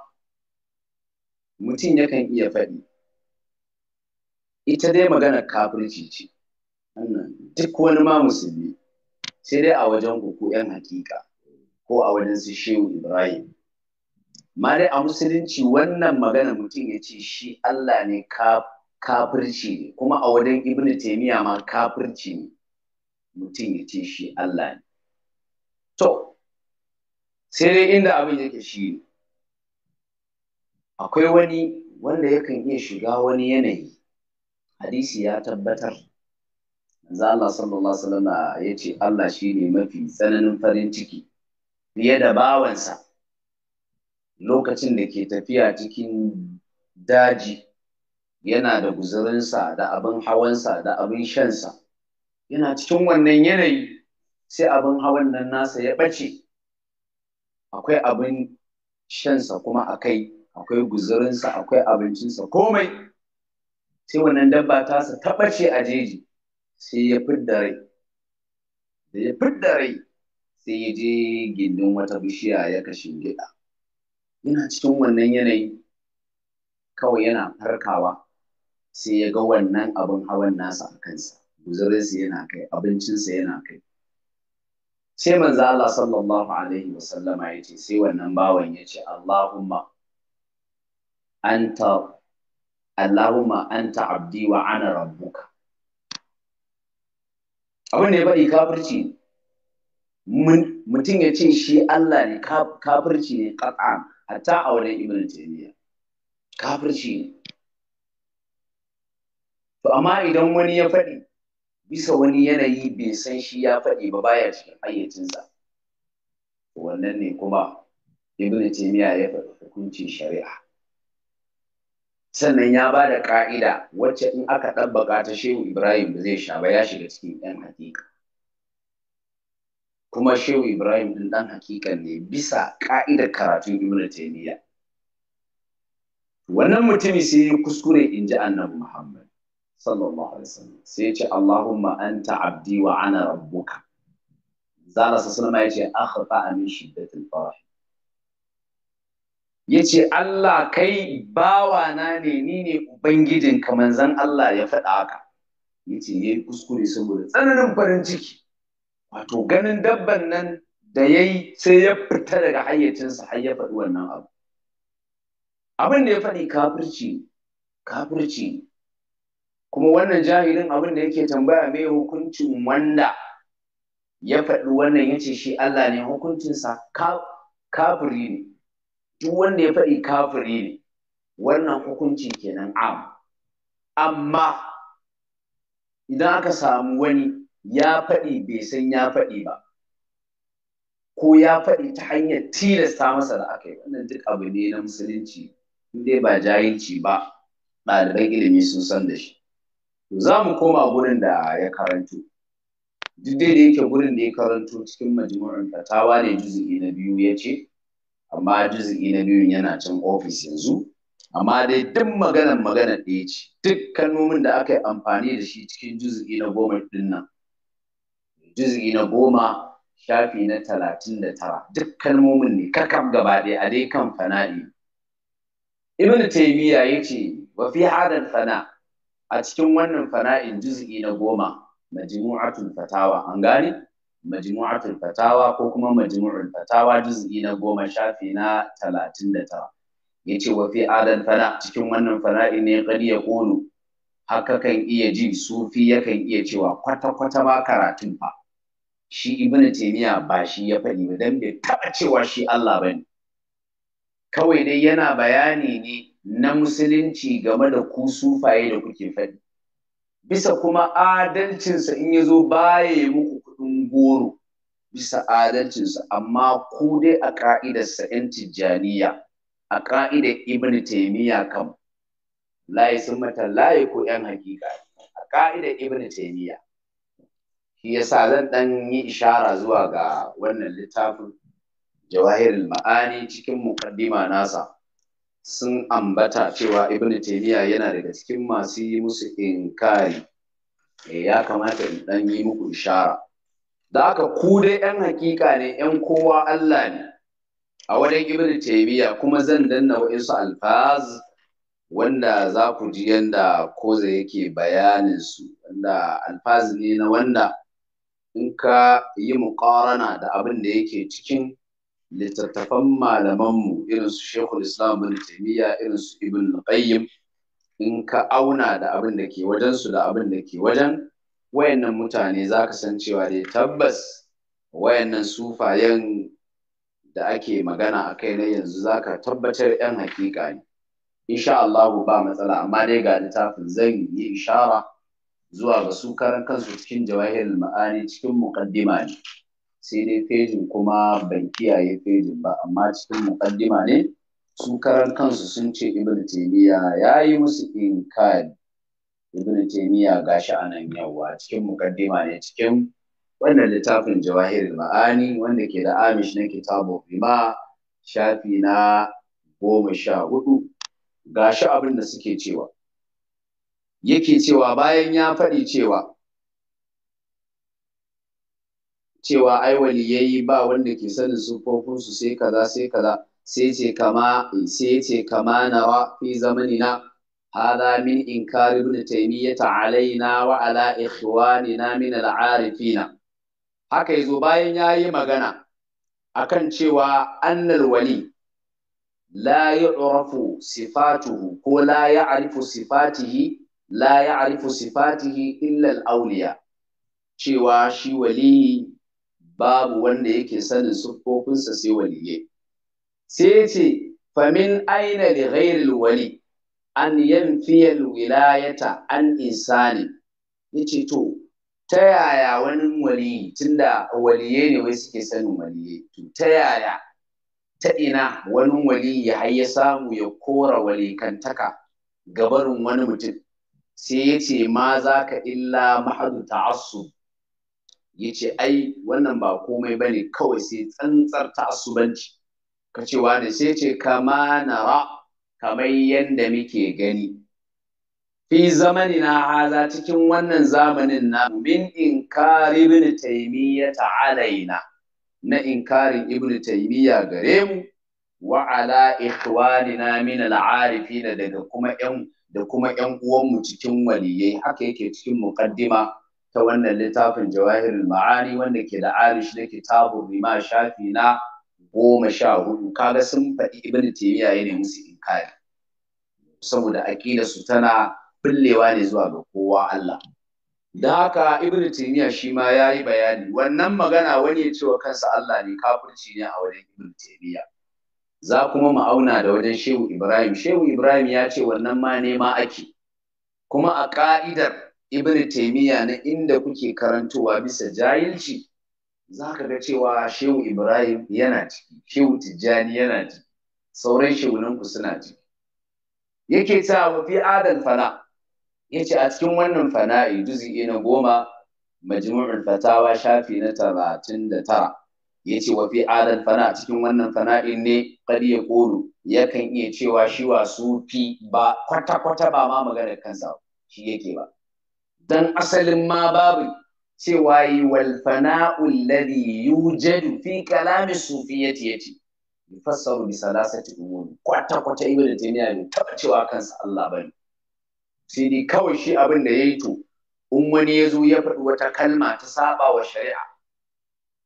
mutum yakan iya faɗi ita dai magana kafirci ce duk wani ma musulmi sai dai a wajen ku yan hakika ko a wajen su shehu ibrahim ma dai a musulunci wannan magana mutum ya ce shi Allah ne kafirci ne kuma a wajen ibn Taymiyya ma kafirci ne mutum ya ce shi Allah ne. To, sai dai inda abin yake shi ne, akwai wani wanda yakan iya shiga wani yanayi, hadisi ya tabbatar, za Allah sallallahu Alaihi ya ce Allah shi ne mafi tsananin farin ciki fiye da bawansa lokacin da ke tafiya cikin daji yana da guzurinsa da abin hawansa da abin shansa. yana cikin wannan yanayi sai abin hawan nan nasa ya ɓace akwai abin shansa kuma akai akwai guzurinsa akwai abincinsa komai sai wannan dabba tasa ta ɓace a jeji sai ya fidda rai da ya fidda rai sai ya je gindin wata bishiya ya kashe gida yana cikin wannan yanayi kawai yana farkawa sai ya ga wannan abin hawan nasa a kansa guzarinsa yana kai abincinsa yana kai sai manzo Allah sallallahu alaihi wa sallama yace sai wannan bawan yace Allahumma anta Allahumma anta abdi wa ana rabbuka abin da ya bari kafirci mutum ya ce shi Allah ne kafirci ne qat'an hatta a wurin ibn taymiya kafirci ne to amma idan wani ya faɗi bisa wani yanayi bai san shi ya faɗi ba baya cikin hayyacinsa wannan ne kuma ibn taymiya ya faɗi hukuncin shari'a sannan ya ba da ƙa'ida wacce in aka ɗabbaka ta shehu ibrahim ba zai sha ba ya shiga cikin ɗan hakika kuma shehu ibrahim ɗin ɗan hakikan ne bisa ƙa'idar karatun ibn taymiya wannan mutumin sai kuskure in ji annabi muhammad sallallahu alaihi wasallam sai ya ce Allahumma anta abdi wa ana rabbuka zala sa sallama ya ce akhfa min shiddatil farah ya ce Allah kai bawana ne ni ne ubangijin ka manzon Allah ya faɗa haka ya ce yayi kuskure saboda tsananin farin ciki wato ganin dabban nan da yayi sai ya fita daga hayyacinsa har ya faɗi wannan abu abin da ya faɗi kafirci kafirci kuma wannan jahilin abin da yake tambaya me hukuncin wanda ya faɗi wannan ya ce shi Allah ne hukuncinsa kafiri ne duk wanda ya faɗi kafiri ne wannan hukunci kenan am amma idan aka samu wani ya faɗi bai san ya faɗi ba ko ya faɗi ta hanyar tilasta masa da aka yi wannan duk abu ne na musulunci in ba jahilci ba ɗaliban ilimi sun san da shi za mu koma gurin da ya karanto duk dai da yake gurin da ya karanto cikin majmu'in fatawa ne juzu'i na biyu ya ce amma juzu'i na biyun yana can ofis yanzu amma dai duk maganar maganar ɗaya ce duk kalmomin da aka yi amfani da shi cikin juzu'i na goma ɗin nan juzu'i na goma shafi na talatin da tara duk kalmomin ne kakam gaba ɗaya a dai kan fana'i ibn taymiya yace wa fi hadal fana' a cikin wannan fana'in juz'i na goma majmu'atul fatawa an gane majmu'atul fatawa ko kuma majmu'ul fatawa juz'i na goma shafi na talatin da tara yace wa fi adan fana cikin wannan fana'in ne ya yaqulu haka kan iya ji sufi yakan iya cewa kwata kwata ba karatun fa shi ibnu taymiya ba shi ya faɗi ba dan bai taɓa cewa shi Allah bane kawai dai yana bayani ne na musulunci game da ku sufaye da kuke faɗi bisa kuma adalcinsa in ya zo baya muku kuɗin goro bisa adalcinsa amma ku dai a ƙa'idarsa 'yan tijjaniya a ƙa'idar ibn taimiyya kam layi sun mata layi ko 'yan hakika a ƙa'idar ibn taimiyya shi yasa zan ɗan yi ishara zuwa ga wannan littafin jawahirul ma'ani cikin muqaddima nasa sun ambata cewa ibn taymiya yana daga cikin masu yi musu inkari eh, ya kamata in dan yi muku ishara da aka ku dai yan hakika ne yan kowa Allah ne a wajen ibn taymiya kuma zan danna wa'insu alfaz wanda za ku ji yanda koza yake bayanin su wanda alfaz ne na wanda in ka yi muƙarana da abin da yake cikin littattafan malamanmu irin su shekul Islam bin taimiyya, irin su Ibn Qayyim in ka auna da abin da ke wajen su da abin da ke wajen wayannan mutane za ka san cewa dai tabbas wayannan sufayen da ake magana a kai na yanzu za ka tabbatar yan hakika ne insha Allah ba matsala amma dai ga littafin zan yi ishara zuwa ga su karan kansu cikin jawahirul ma'ani cikin muqaddima ne sai dai fejin kuma ban kiyaye fejin ba amma cikin mukaddima ne su karan kansu sun ce ibn taymiya ya yi musu inkari ibn taymiya gashi nan yawa cikin mukaddima ne cikin wannan littafin jawahirul ma'ani wanda ke da amish na kitabu rima shafi na goma sha hudu gashi abin da suke cewa yake cewa bayan ya faɗi cewa cewa ai yi ba wanda ke sanin sufofin su sai kaza sai kaza sai ce kama sai ce kama nawa fi zamanina hada min inkari ibn taymiyyah alaina wa ala ikhwanina min al-arifina haka yazo bayan yayi magana akan cewa annal wali la yu'rafu sifatuhu ko la ya'rifu sifatihi la ya'rifu sifatihi illa al-awliya cewa shi wali babu wanda yake sanin siffofinsa sai waliye sai ce famin aina li ghairil wali an fiyar wilayata an insani yace to ta yaya wani wali tunda waliye ne wai suke sanin waliye to ta yaya ta ina wani wali ya ya samu ya kora walikantaka gabarin wani mutum sai ya ce ma za ka illa mahadu ta'assub ya ce ai wannan ba komai ba ne kawai sai tsantsar asubanci. ka ce da sai ce kama nara kamar yadda muke gani fi zamani na haza cikin wannan zamanin na min inkari ibn taimiyya ta'alaina na inkarin ibn taimiyya gare mu wa ala ikhwanina min al'arifina daga kuma yan da kuma yan uwanmu cikin waliyai haka yake cikin muqaddima ta wannan littafin jawahirin, ma'ani wanda ke da arish na kitabun rima shafi na goma sha hudu kaga sun faɗi ibnu taymiya yana musu inkari saboda aqida su tana billewa ne zuwa ga kowa Allah da haka ibn taymiya shi ma yayi bayani wannan magana wani ya cewa kansa Allah ne kafirci ne a wajen ibn taymiya za kuma mu auna da wajen shehu ibrahim shehu ibrahim ya ce wannan ma nema ake kuma a ka'idar ibn taimiya na inda kuke karantowa bisa jahilci za ka ga cewa shehu ibrahim yana ciki shehu tijjani yana ciki sauran ku suna ciki yake sa wa fi adal fana yace a cikin wannan fana'i juz'i na goma majmu'ul fatawa shafi na talatin da tara yace wa fi adal fana a cikin wannan fana'i ne qadiya qulu yakan iya cewa shi wa sufi ba kwata kwata ba ma maganar kansa shi yake ba dan asalin ma babu cewa yi wal ladhi yujadu fi kalami sufiyati yace yufassaru bi salasati umum kwata kwata ibnu taymiya ne taba cewa kansa Allah bane sai dai kawai shi abin da yayi to in wani ya zo ya faɗi wata kalma ta saba wa shari'a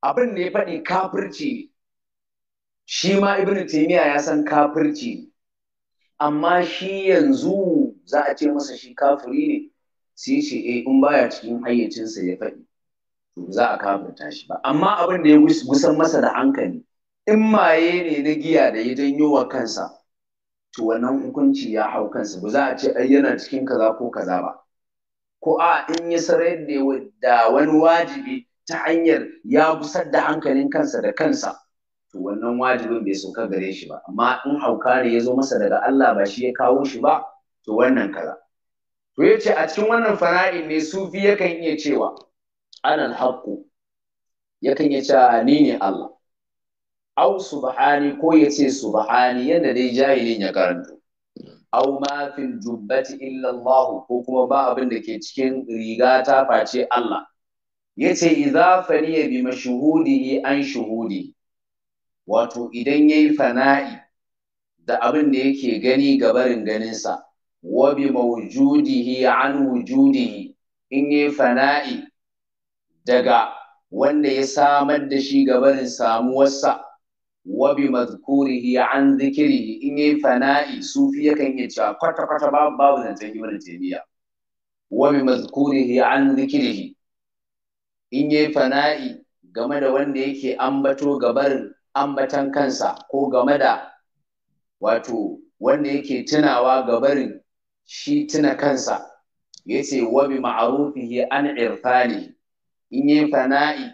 abin da ya faɗi kafirci shi ma ibnu taymiya ya san kafirci amma shi yanzu za a ce masa shi kafiri ne sai ce e in baya cikin hayyacinsa ya faɗi to za a kafirta shi ba amma abin da ya gusan masa da hankali in maye ne na giya da ya janyo wa kansa to wannan hukunci ya hau kansa ba za a ce ai yana cikin kaza ko kaza ba ko a in ya sarar da wani wajibi ta hanyar ya gusar da hankalin kansa da kansa to wannan wajibin bai sauka gare shi ba amma in hauka ne ya zo masa daga Allah ba shi ya kawo shi ba to wannan kaza to ya ce a cikin wannan fana'i ne sufi yakan iya cewa anan haƙƙu yakan iya cewa ni ne Allah au subhani ko ya ce subhani yadda dai jahilin ya karanto au ma fi jubbati illa Allah ko kuma ba abin da ke cikin riga ta face Allah Ya yace idza faniya bi mashuhudi an shuhudi wato idan ya yi fana'i da abin da yake gani gabarin ganinsa Wabi mawujudihi an wujudihi in yi fana'i daga wanda ya samar da shi gabanin samuwarsa wa wabi madhkurihi an zikirihi in yi fana'i sufi yakan yi cewa kwata kwata babu babu zancen ibn taymiya Wabi bi an zikirihi in yi fana'i game da wanda yake ambato gabarin ambatan kansa ko game da wato wanda yake tunawa gabarin shi tuna kansa yace wa bi ma'rufihi an irfani in yi fana'i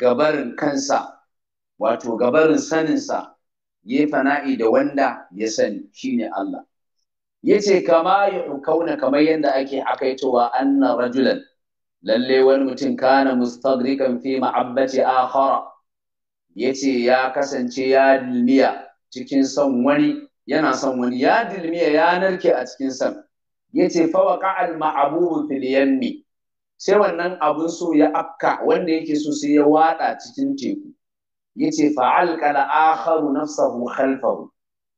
gabarin kansa wato gabarin saninsa ya yi fana'i da wanda ya sani shine Allah yace kama ɗaukauna kamar yadda ake akaitowa anna rajulan lalle wani mutum kana mustagrikan fi ma'abbati akhara ce ya kasance ya dilmiya cikin son wani yana son wani ya dilmi ya narke a cikin sa yace fa fawa ka'al ma'abu fil ne? sai wannan abun so ya afka wanda yake so sai ya wada cikin teku Ya yace fa alqala akharu nafsahu khalfahu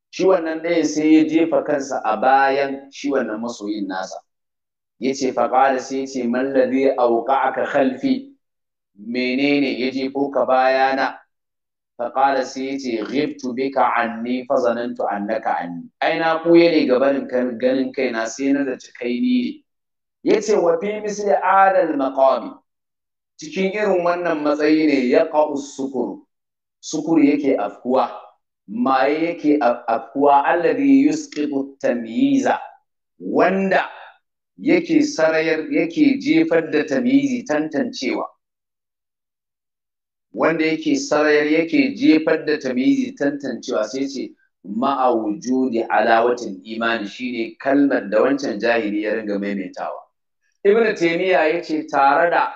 shi wannan ɗaya sai ya jefa kansa a bayan shi wannan masoyin nasa yace fa qala sai ce man ladhi aka khalfi menene ya jefo ka bayana faƙala sai ya ce ghibtu bika anni fa zanantu annaka anni ai na ɓuye ne gabanin ganin kaina sai na da kai ni ne yace wa fi misli adal cikin irin wannan matsayi ne ya qa'u sukuru yake afkuwa maye yake afkuwa alladhi yusqitu tamyiza wanda yake sarayar yake jefar da tamyizi tantancewa wanda yake sarayar yake jefar da tamizi tantancewa sai ce ma'a wujudi alawatin imani shine kalmar da wancan jahili ya ringa maimaitawa ibnu taymiya yace tare da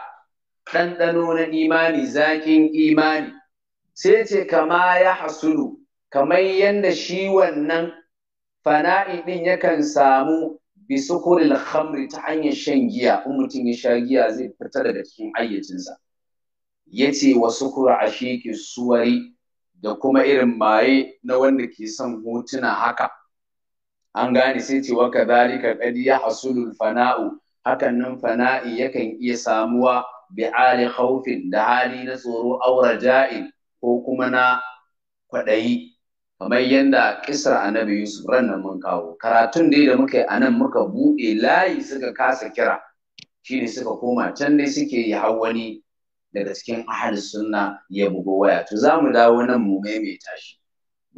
ɗanɗano na imani zaƙin imani sai ce kama ya hasulu kamar yadda shi wannan fana'i ɗin yakan samu bisukuril khamri ta hanyar shan giya in mutum ya sha giya zai fita daga cikin ayyacinsa yace wa sukura ashiki suwari da kuma irin maye na wanda ke son hotuna haka an gane sai ce wa kadhalika qad yahsulu fana'u hakan nan fana'i yakan iya samuwa bi ali khawfin da hali na tsoro aura ja'in ko kuma na kwaɗayi kamar yadda kisar annabi yusuf rannan mun kawo karatun dai da muka yi a nan muka buɗe layi suka kasa kira shine suka koma can dai suke yi hawani daga cikin ahal sunna ya bugo waya to za mu dawo nan mu maimaita shi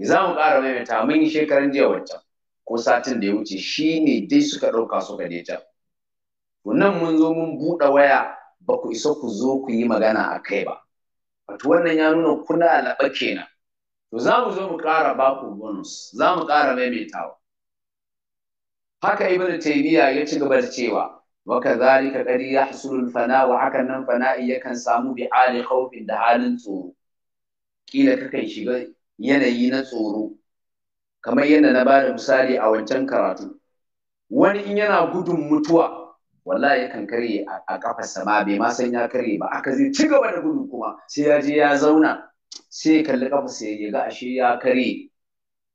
za mu ƙara maimaita mun yi shekaran jiya wancan ko satin da ya wuce shi ne dai suka ɗauka suka je can to nan mun zo mun buɗe waya ba ku isa ku zo ku yi magana a kai ba wato wannan ya nuna kuna laɓa kenan to za mu zo mu ƙara ba ku bonus za mu ƙara maimaitawa haka ibnu taymiya ya ci gaba da cewa waka zalika kadi ya hasulul fana wa hakan nan fana'i yakan samu bi ali khawfin da halin tsoro kila kakan shiga yanayi na tsoro kamar yadda na bada misali a wancan karatu wani in yana gudun mutuwa wallahi yakan karye a kafarsa ma bai ma san ya karye ba aka zai ci gaba da gudu kuma sai ya je ya zauna sai ya kalli kafarsa ya ga ashe ya karye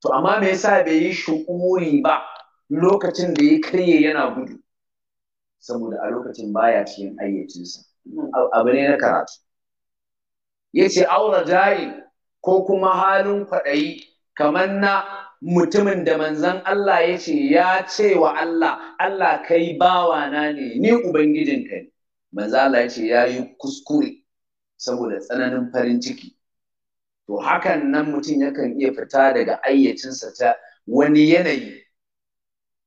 to amma me yasa bai yi shu'uri ba lokacin da ya karye yana gudu saboda a lokacin baya cikin ayyacinsa abu ne na karatu ya ce aura jayin ko kuma halin kwaɗayi kamar na mutumin da manzan Allah ya ce ya ce wa Allah Allah kai na ne ni ubangijinka ne manzan Allah ya ce ya yi kuskure saboda tsananin farin ciki to hakan nan mutum yakan iya fita daga ayyacinsa ta wani yanayi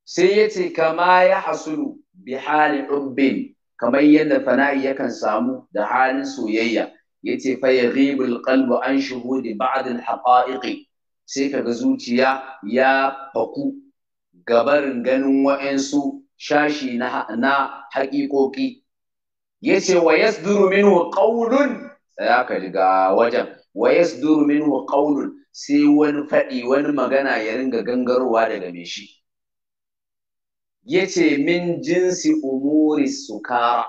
sai ya ce kama ya hasulu bi hali ubbin kamar yadda fana'i yakan samu da halin soyayya yace fa yaghibul qalbu an shuhudi ba'd al haqa'iqi sai kaga zuciya ya faku gabarin ganin wa'ansu shashi na na haqiqoqi yace wa yasduru minhu qawlun sai ka riga wajen wa yasduru minhu qawlun sai wani fadi, wani magana ya ringa gangarowa daga mai shi yace min jinsi umuri kara,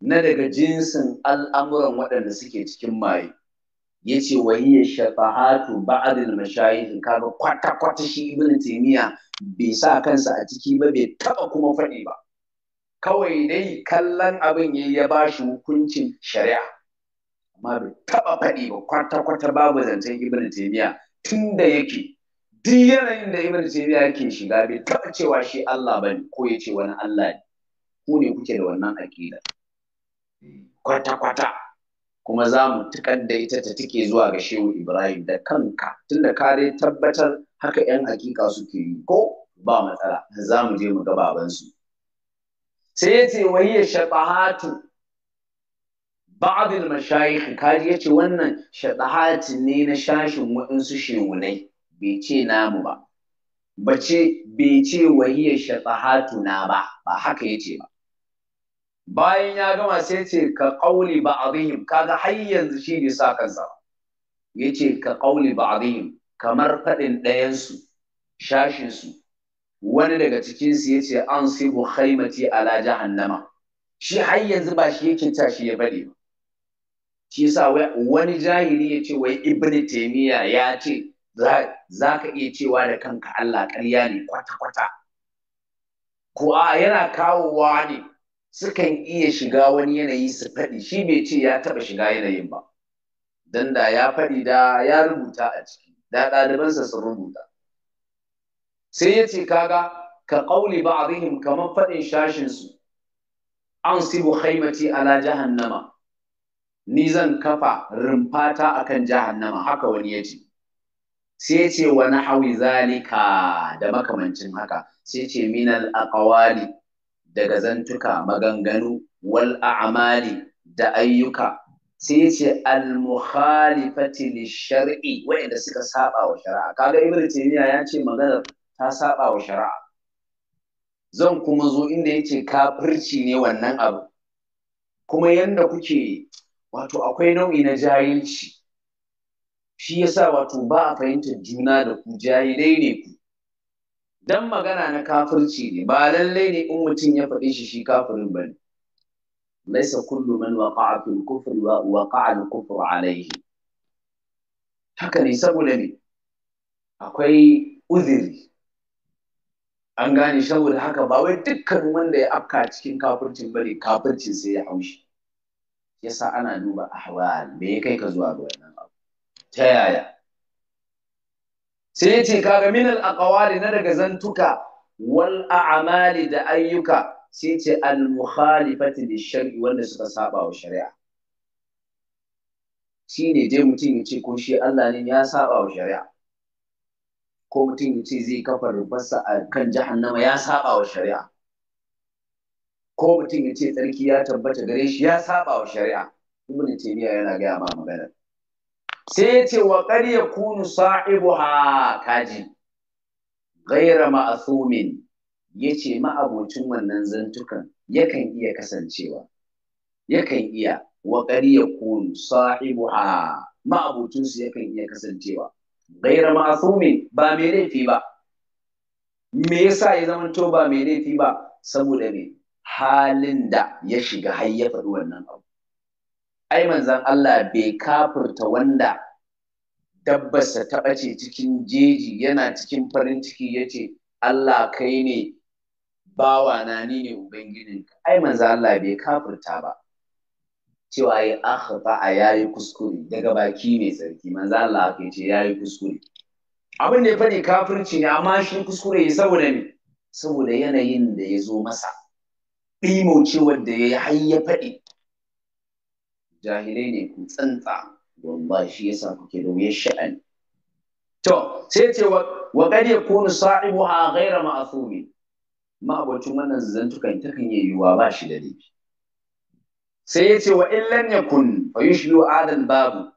na daga jinsin al'amuran waɗanda suke cikin maye yace wa shafahatu ba'adil al kaga kwata kwata shi ibn taymiya bai sa kansa a ciki ba bai taba kuma faɗi ba kawai dai kallon abin yayi ya bashi hukuncin shari'a amma bai taba faɗi ba kwata kwata babu zancen ibn taymiya tunda yake duk yanayin da Ibn Taymiyyah yake shiga bai taɓa cewa shi Allah bane ko ya ce wani Allah ne ku ne kuke da wannan aƙida kwata kwata kuma za mu tukar da ita ta take zuwa ga Shehu Ibrahim da kanka tunda kare tabbatar haka yan hakika suke yi ko ba matsala za mu je mu ga babansu sai ya ce wahiyar shaɓahatu ba'adul mashayikh kaji ya ce wannan shaɗahati ne na shashin waɗansu shehunai bai ce namu ba bace bai ce wahiyar na ba ba haka yace ba bayan ya gama sai ce ka qauli ba'dihim kaga har yanzu shi ne sa kansa yace ka qauli ba'dihim kamar faɗin ɗayansu, su wani daga cikinsu su yace an sibu khaymati ala jahannama shi har yanzu ba shi yake tashi ya bade ba shi yasa wani jahili yace wai ibnu taymiya ya ce za ka iya cewa da kanka Allah ƙarya ne kwata-kwata. Kuwa yana kawowa ne sukan iya shiga wani yanayi su faɗi shi bai ce ya taɓa shiga yanayin ba. Don da ya faɗi da ya rubuta a ciki, da ɗalibansa sun rubuta. Sai ya ce kaga ka ƙauli ba abihim kamar faɗin shashinsu. An sibu haimati ala jahannama. Ni zan kafa rumfata akan jahannama haka wani ya ce. sai ce Wani hawi zalika da makamancin haka sai ce minal akawali daga zantuka maganganu wal a'mali da ayyuka sai ce al mukhalifati wayanda wanda suka saba wa shari'a kaga ibnu taymiya ya ce maganar ta saba wa shari'a zan kuma zo inda yace kafirci ne wannan abu kuma yanda kuke wato akwai nau'i na jahilci shi yasa wato ba a fahimtar juna da ku jahilai ne ku dan magana na kafirci ne ba lallai ne in mutum ya faɗi shi shi kafirin ne. laisa kullu man waqa'a fil kufri wa waqa'a al kufru alayhi haka ne saboda ne akwai uziri an gane saboda haka ba wai dukkan wanda ya afka cikin kafircin bane kafircin sai ya haushi yasa ana duba ahwal me ya kai ka zuwa ga wannan abu ta yaya sai ce kaga minal aqwali na daga zantuka wal a'mali da ayyuka sai ce al mukhalifati shar'i wanda suka saba wa shari'a Shi ne dai mutum ya ce ko shi Allah ne ya saba wa shari'a ko mutum ya ce zai kafa rubarsa a kan jahannama ya saba wa shari'a ko mutum ya ce tsarki ya tabbata gare shi ya saba wa shari'a ibn taymiya yana gaya ma magana sai ya ce wa qad yakunu ha kaji ghaira ya ce ma'abocin wannan zantukan yakan iya kasancewa yakan iya wa qad yakunu sa'ibu ha" ma'abocinsu yakan iya kasancewa a ma'thumin ba mai laifi ba me yasa ya zama to ba mai laifi ba saboda me halin da ya shiga har ya faɗi wannan abu ai manzan Allah bai kafurta wanda dabbarsa ta ɓace cikin jeji yana cikin farin ciki ya ce Allah kai ne bawa na ni ne ubangijinka ai manzan Allah bai kafurta ba cewa ya ba a yayi kuskure daga baki mai tsarki manzan Allah haka ce yayi kuskure abin da ya faɗi kafirci ne amma shi kuskure ya saboda ne saboda yanayin da ya zo masa ɗimaucewar da ya yi har ya faɗi jahilai ne ku tsantsa ba shi yasa kuke da wuyar sha'ani to sai ce wa qad yakunu sa'ibuha ghayra ma'thumi ma'abocin wannan zantukan kan yi yiwuwa ba shi da laifi sai ya ce wa illan yakun fa yushlu adan babu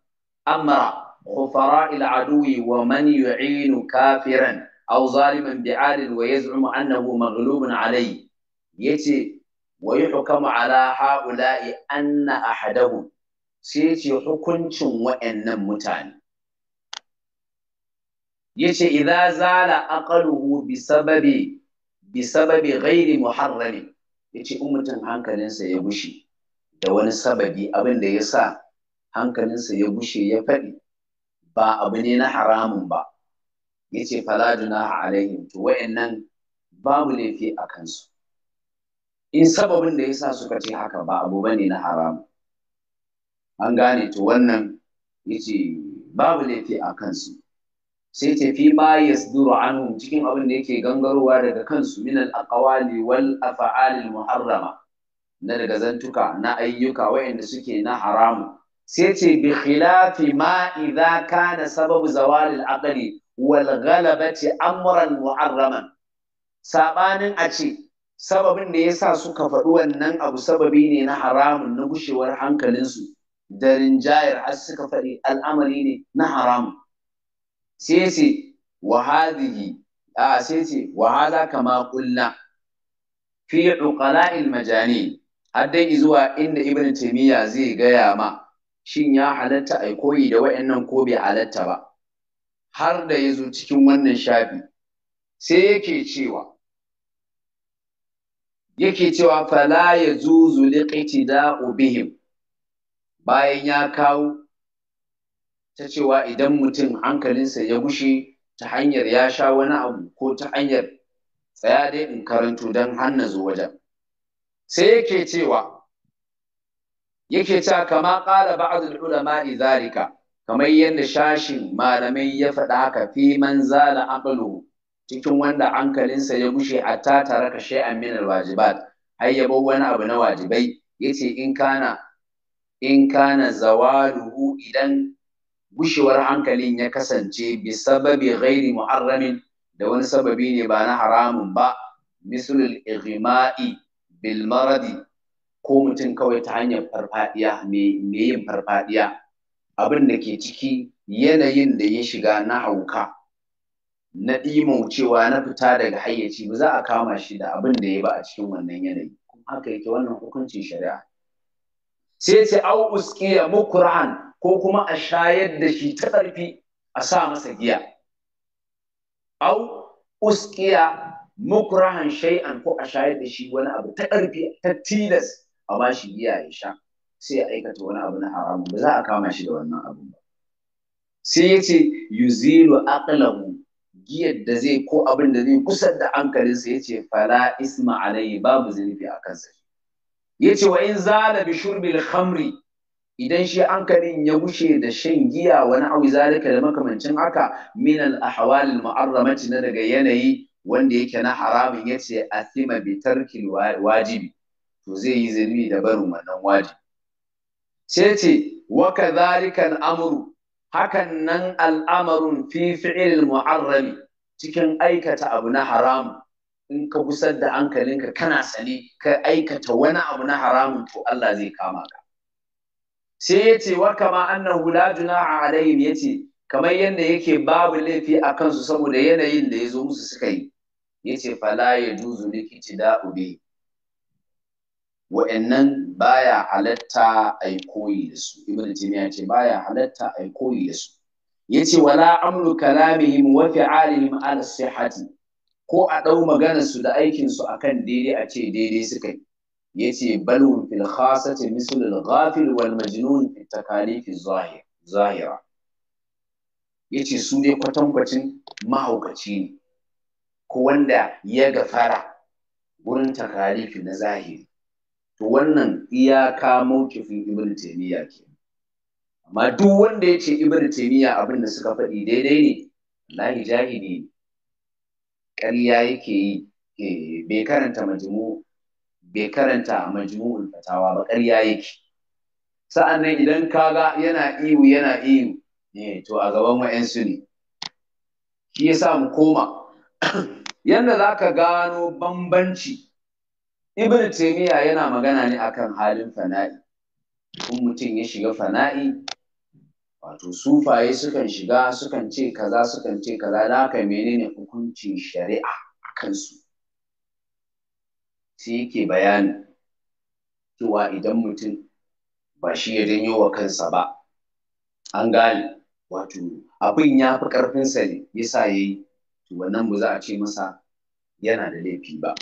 amra khufara il aduwi wa man yu'inu kafiran aw zaliman bi wa yaz'umu annahu maghlubun alayhi yace wa hukama ala haula'i anna ahadahum sai ce hukuncin wa'annan mutane yace idza zala aqluhu bisababi gairi ghairi muharrami yace in mutum hankalinsa ya gushe da wani sababi abin da ya sa hankalinsa ya bushe ya faɗi ba abu ne na haramun ba yace fala junaha alaihim to wa'annan babu laifi a kansu in sababin da ya sa suka ce haka ba abu bane na haram an gane to wannan yace babu laifi a kansu sai ce fi ma yasduru anhu cikin abin da yake gangarowa daga kansu min al aqwali wal af'al al muharrama na daga zantuka na ayyuka wayanda suke na haramu sai ce bi khilafi ma idza kana sababu zawal al aqli wal ghalabati amran muharraman sabanin a ce sababin da ya sa suka faɗi wannan abu sababi ne na haramun na gushewar hankalinsu da rinjayar har suka faɗi al'amari ne na haramun sai ce wa a sai ce kama ƙulla fi uqala'il majani har dai zuwa inda ibn Taimiyya zai gaya ma shin ya halatta a koyi da wayannan ko bai halatta ba har da ya zo cikin wannan shafi sai yake cewa yake cewa fala ya zuzu da bihim bayan ya kawo ta cewa idan mutum hankalinsa ya gushe ta hanyar ya sha wani abu ko ta hanyar tsaya dai in karanto don hanna zuwa wajen sai yake cewa yake ta kama ƙara ba'adul ulama zarika kamar yadda shashin malamai ya faɗa haka fi man zala aqluhu cikin wanda hankalinsa ya gushe a tare ka a minar alwajibat har ya bar wani abu na wajibai yace in kana in kana zawaluhu idan gushewar hankalin ya kasance bi sababi ghairi muharramin da wani sababi ne ba na haramun ba mislul Irima'i bil ko mutum kawai ta hanyar farfadiya me yin farfadiya abin da ke ciki yanayin da ya shiga na hauka na ɗimau cewa na fita daga hayyaci ba za a kama shi da abin da ya ba a cikin wannan yanayi kuma haka yake wannan hukuncin shari'a sai ce au uskiya mukran ko kuma a shayar da shi ta ƙarfi a sa masa giya au uskiya mukrahan shay'an ko a shayar da shi wani abu ta ƙarfi ta tilas a ba shi giya ya sha sai ya aikata wani abu na haramu ba za a kama shi da wannan abu ba sai ya ce yuzilu aqlahu giyar da zai ko abin da zai kusan da hankalinsa ya ce fala isma alayhi babu zunubi a kansa ya ce wa in zala bi shurbil khamri idan shi hankalin ya wuce da shan giya wani abu zalika da makamancin haka min al ahwal al mu'arramati na daga yanayi wanda yake na haramin ya ce athima bi tarkil wajibi to zai yi zunubi da barin wannan wajibi sai ce wa kadhalika al amru hakan nan al'amarun fi fi'il mu'arrami cikin aikata abu na haramu in ka gusar da hankalinka kana sane ka aikata wani abu na haramun to Allah zai kama ka sai ya ce wa kama juna a junaha ya ce kamar yadda yake babu laifi a kansu saboda yanayin da ya zo musu suka yi ya yace fala ya juzu likiti da ubi wa'annan baya halatta a yi koyi da su ibn ce baya halatta a yi koyi da su yace wala amru kalamihim wa fi'alihim ala sihhati ko a ɗau maganar su da aikin su akan daidai a ce daidai suka yi yace balun fil khasati misl al ghafil wal majnun fi takalif zahir zahira yace su dai kwatankwacin mahaukaci ne ko wanda ya gafara wurin takalifi na zahiri to wannan iyaka mawkifin ibn taymiya ke amma duk wanda ya ce ibn taymiya abin da suka faɗi daidai ne lahi jahili ƙarya yake yi bai karanta majmu bai karanta majmu'ul fatawa ba ƙarya yake sa'annan idan ka ga yana iyu yana iyu eh to a gaban wa'ansu ne shi yasa mu koma [coughs] yanda ka gano bambanci ibn taymiya yana magana ne akan halin fana'i in mutum ya shiga fana'i wato sufaye sukan shiga sukan ce kaza sukan ce kaza da haka menene hukuncin shari'a a kansu sai yake bayani cewa idan mutum ba shi ya janyo wa kansa ba an gane wato abin ya fi ƙarfinsa ne yasa ya yi to wannan ba za a ce masa yana da laifi ba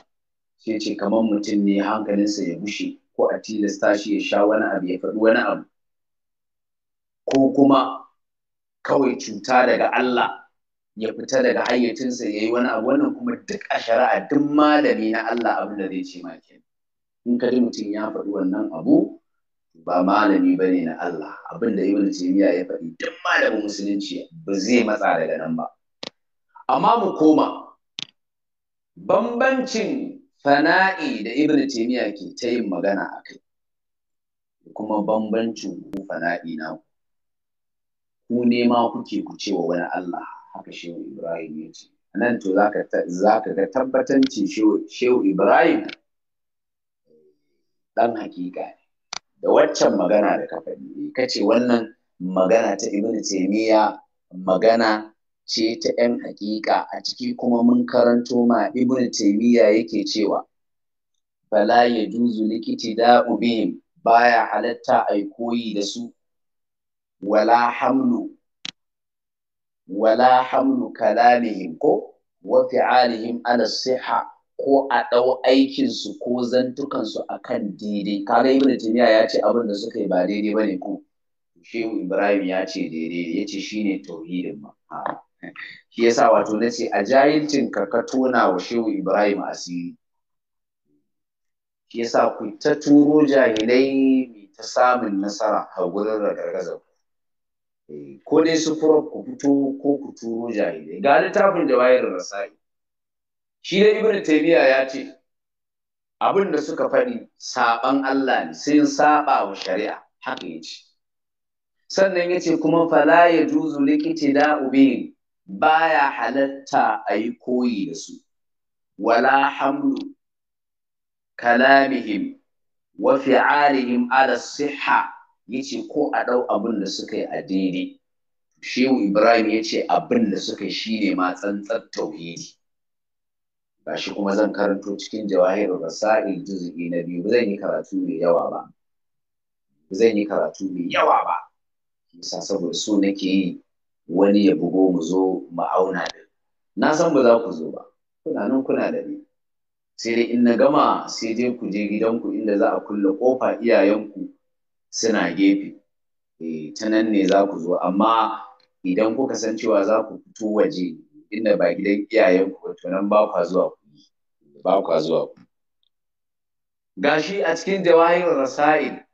sai ce kamar mutum ne hankalinsa ya bushe ko a tilasta shi ya sha wani abu ya faɗi wani abu ko kuma kawai cuta daga Allah ya fita daga hayyacinsa ya yi wani abu wannan kuma duk a shari'a duk malami na Allah abu da zai ce ma in ka ji mutum ya faɗi wannan abu ba malami ba ne na Allah abin da ibn Taymiyyah ya faɗi duk malamin musulunci ba zai matsa daga nan ba amma mu koma bambancin fana'i da ibn taymiya ke ta yin magana a kai da kuma bambancin ku fana'i na ku nema kuke ku wa wani Allah haka shehu Ibrahim ya ce nan to za ka ga tabbatanci shehu Ibrahim eh, ɗan hakika ne da waccan magana da ka faɗi ka ce wannan magana ta ibn taymiya magana ce ta 'yan haƙiƙa a ciki kuma mun karanto ma ibn taimiyya yake cewa bala ya duzu likiti da ubihim baya halatta a koyi da su wala hamlu wala hamlu kalamihim ko wa fi'alihim ala siha ko a ɗau aikinsu ko zantukansu a kan daidai kaga ibn taimiyya ya ce abin da suka yi ba daidai bane ko shehu ibrahim ya ce daidai ya ce shine tauhidin ma shi yasa wato na ce a jahilcin ka ka tona wa shehu ibrahim asiri shi yasa ku ta turo jahilai ne ta samun nasara a gurin ragargazar eh, ko dai su fura ku fito ko ku turo jahilai ga littafin da rasai shi da ibn taymiya ya ce abin suka faɗi saban Allah ne sun saba wa shari'a haka yace sannan yace kuma fala ya juzu likiti da ubin baya halatta a yi koyi da su wala hamlu kalamihim wa fi'alihim ala siha yace ko a ɗau abin da suka yi a daidai shehu ibrahim ya ce abin da suka yi shine ma tsantsar tauhidi shi kuma zan karanto cikin jawahir rasail juz'i na biyu zan yi karatu mai yawa ba zan yi karatu mai yawa ba yasa saboda so nake yi wani ya bugo mu zo mu auna da na san ba za ku zo ba kuna nan kuna da ni sai dai in na gama sai dai ku je gidanku inda za a kulle kofa iyayenku suna gefe E, ta nan ne za ku zo amma idan kuka san cewa za ku fito waje inda ba gidan iyayenku ba to nan ba kwa zuwa ku ba kwa zuwa ku gashi a cikin jawahir rasail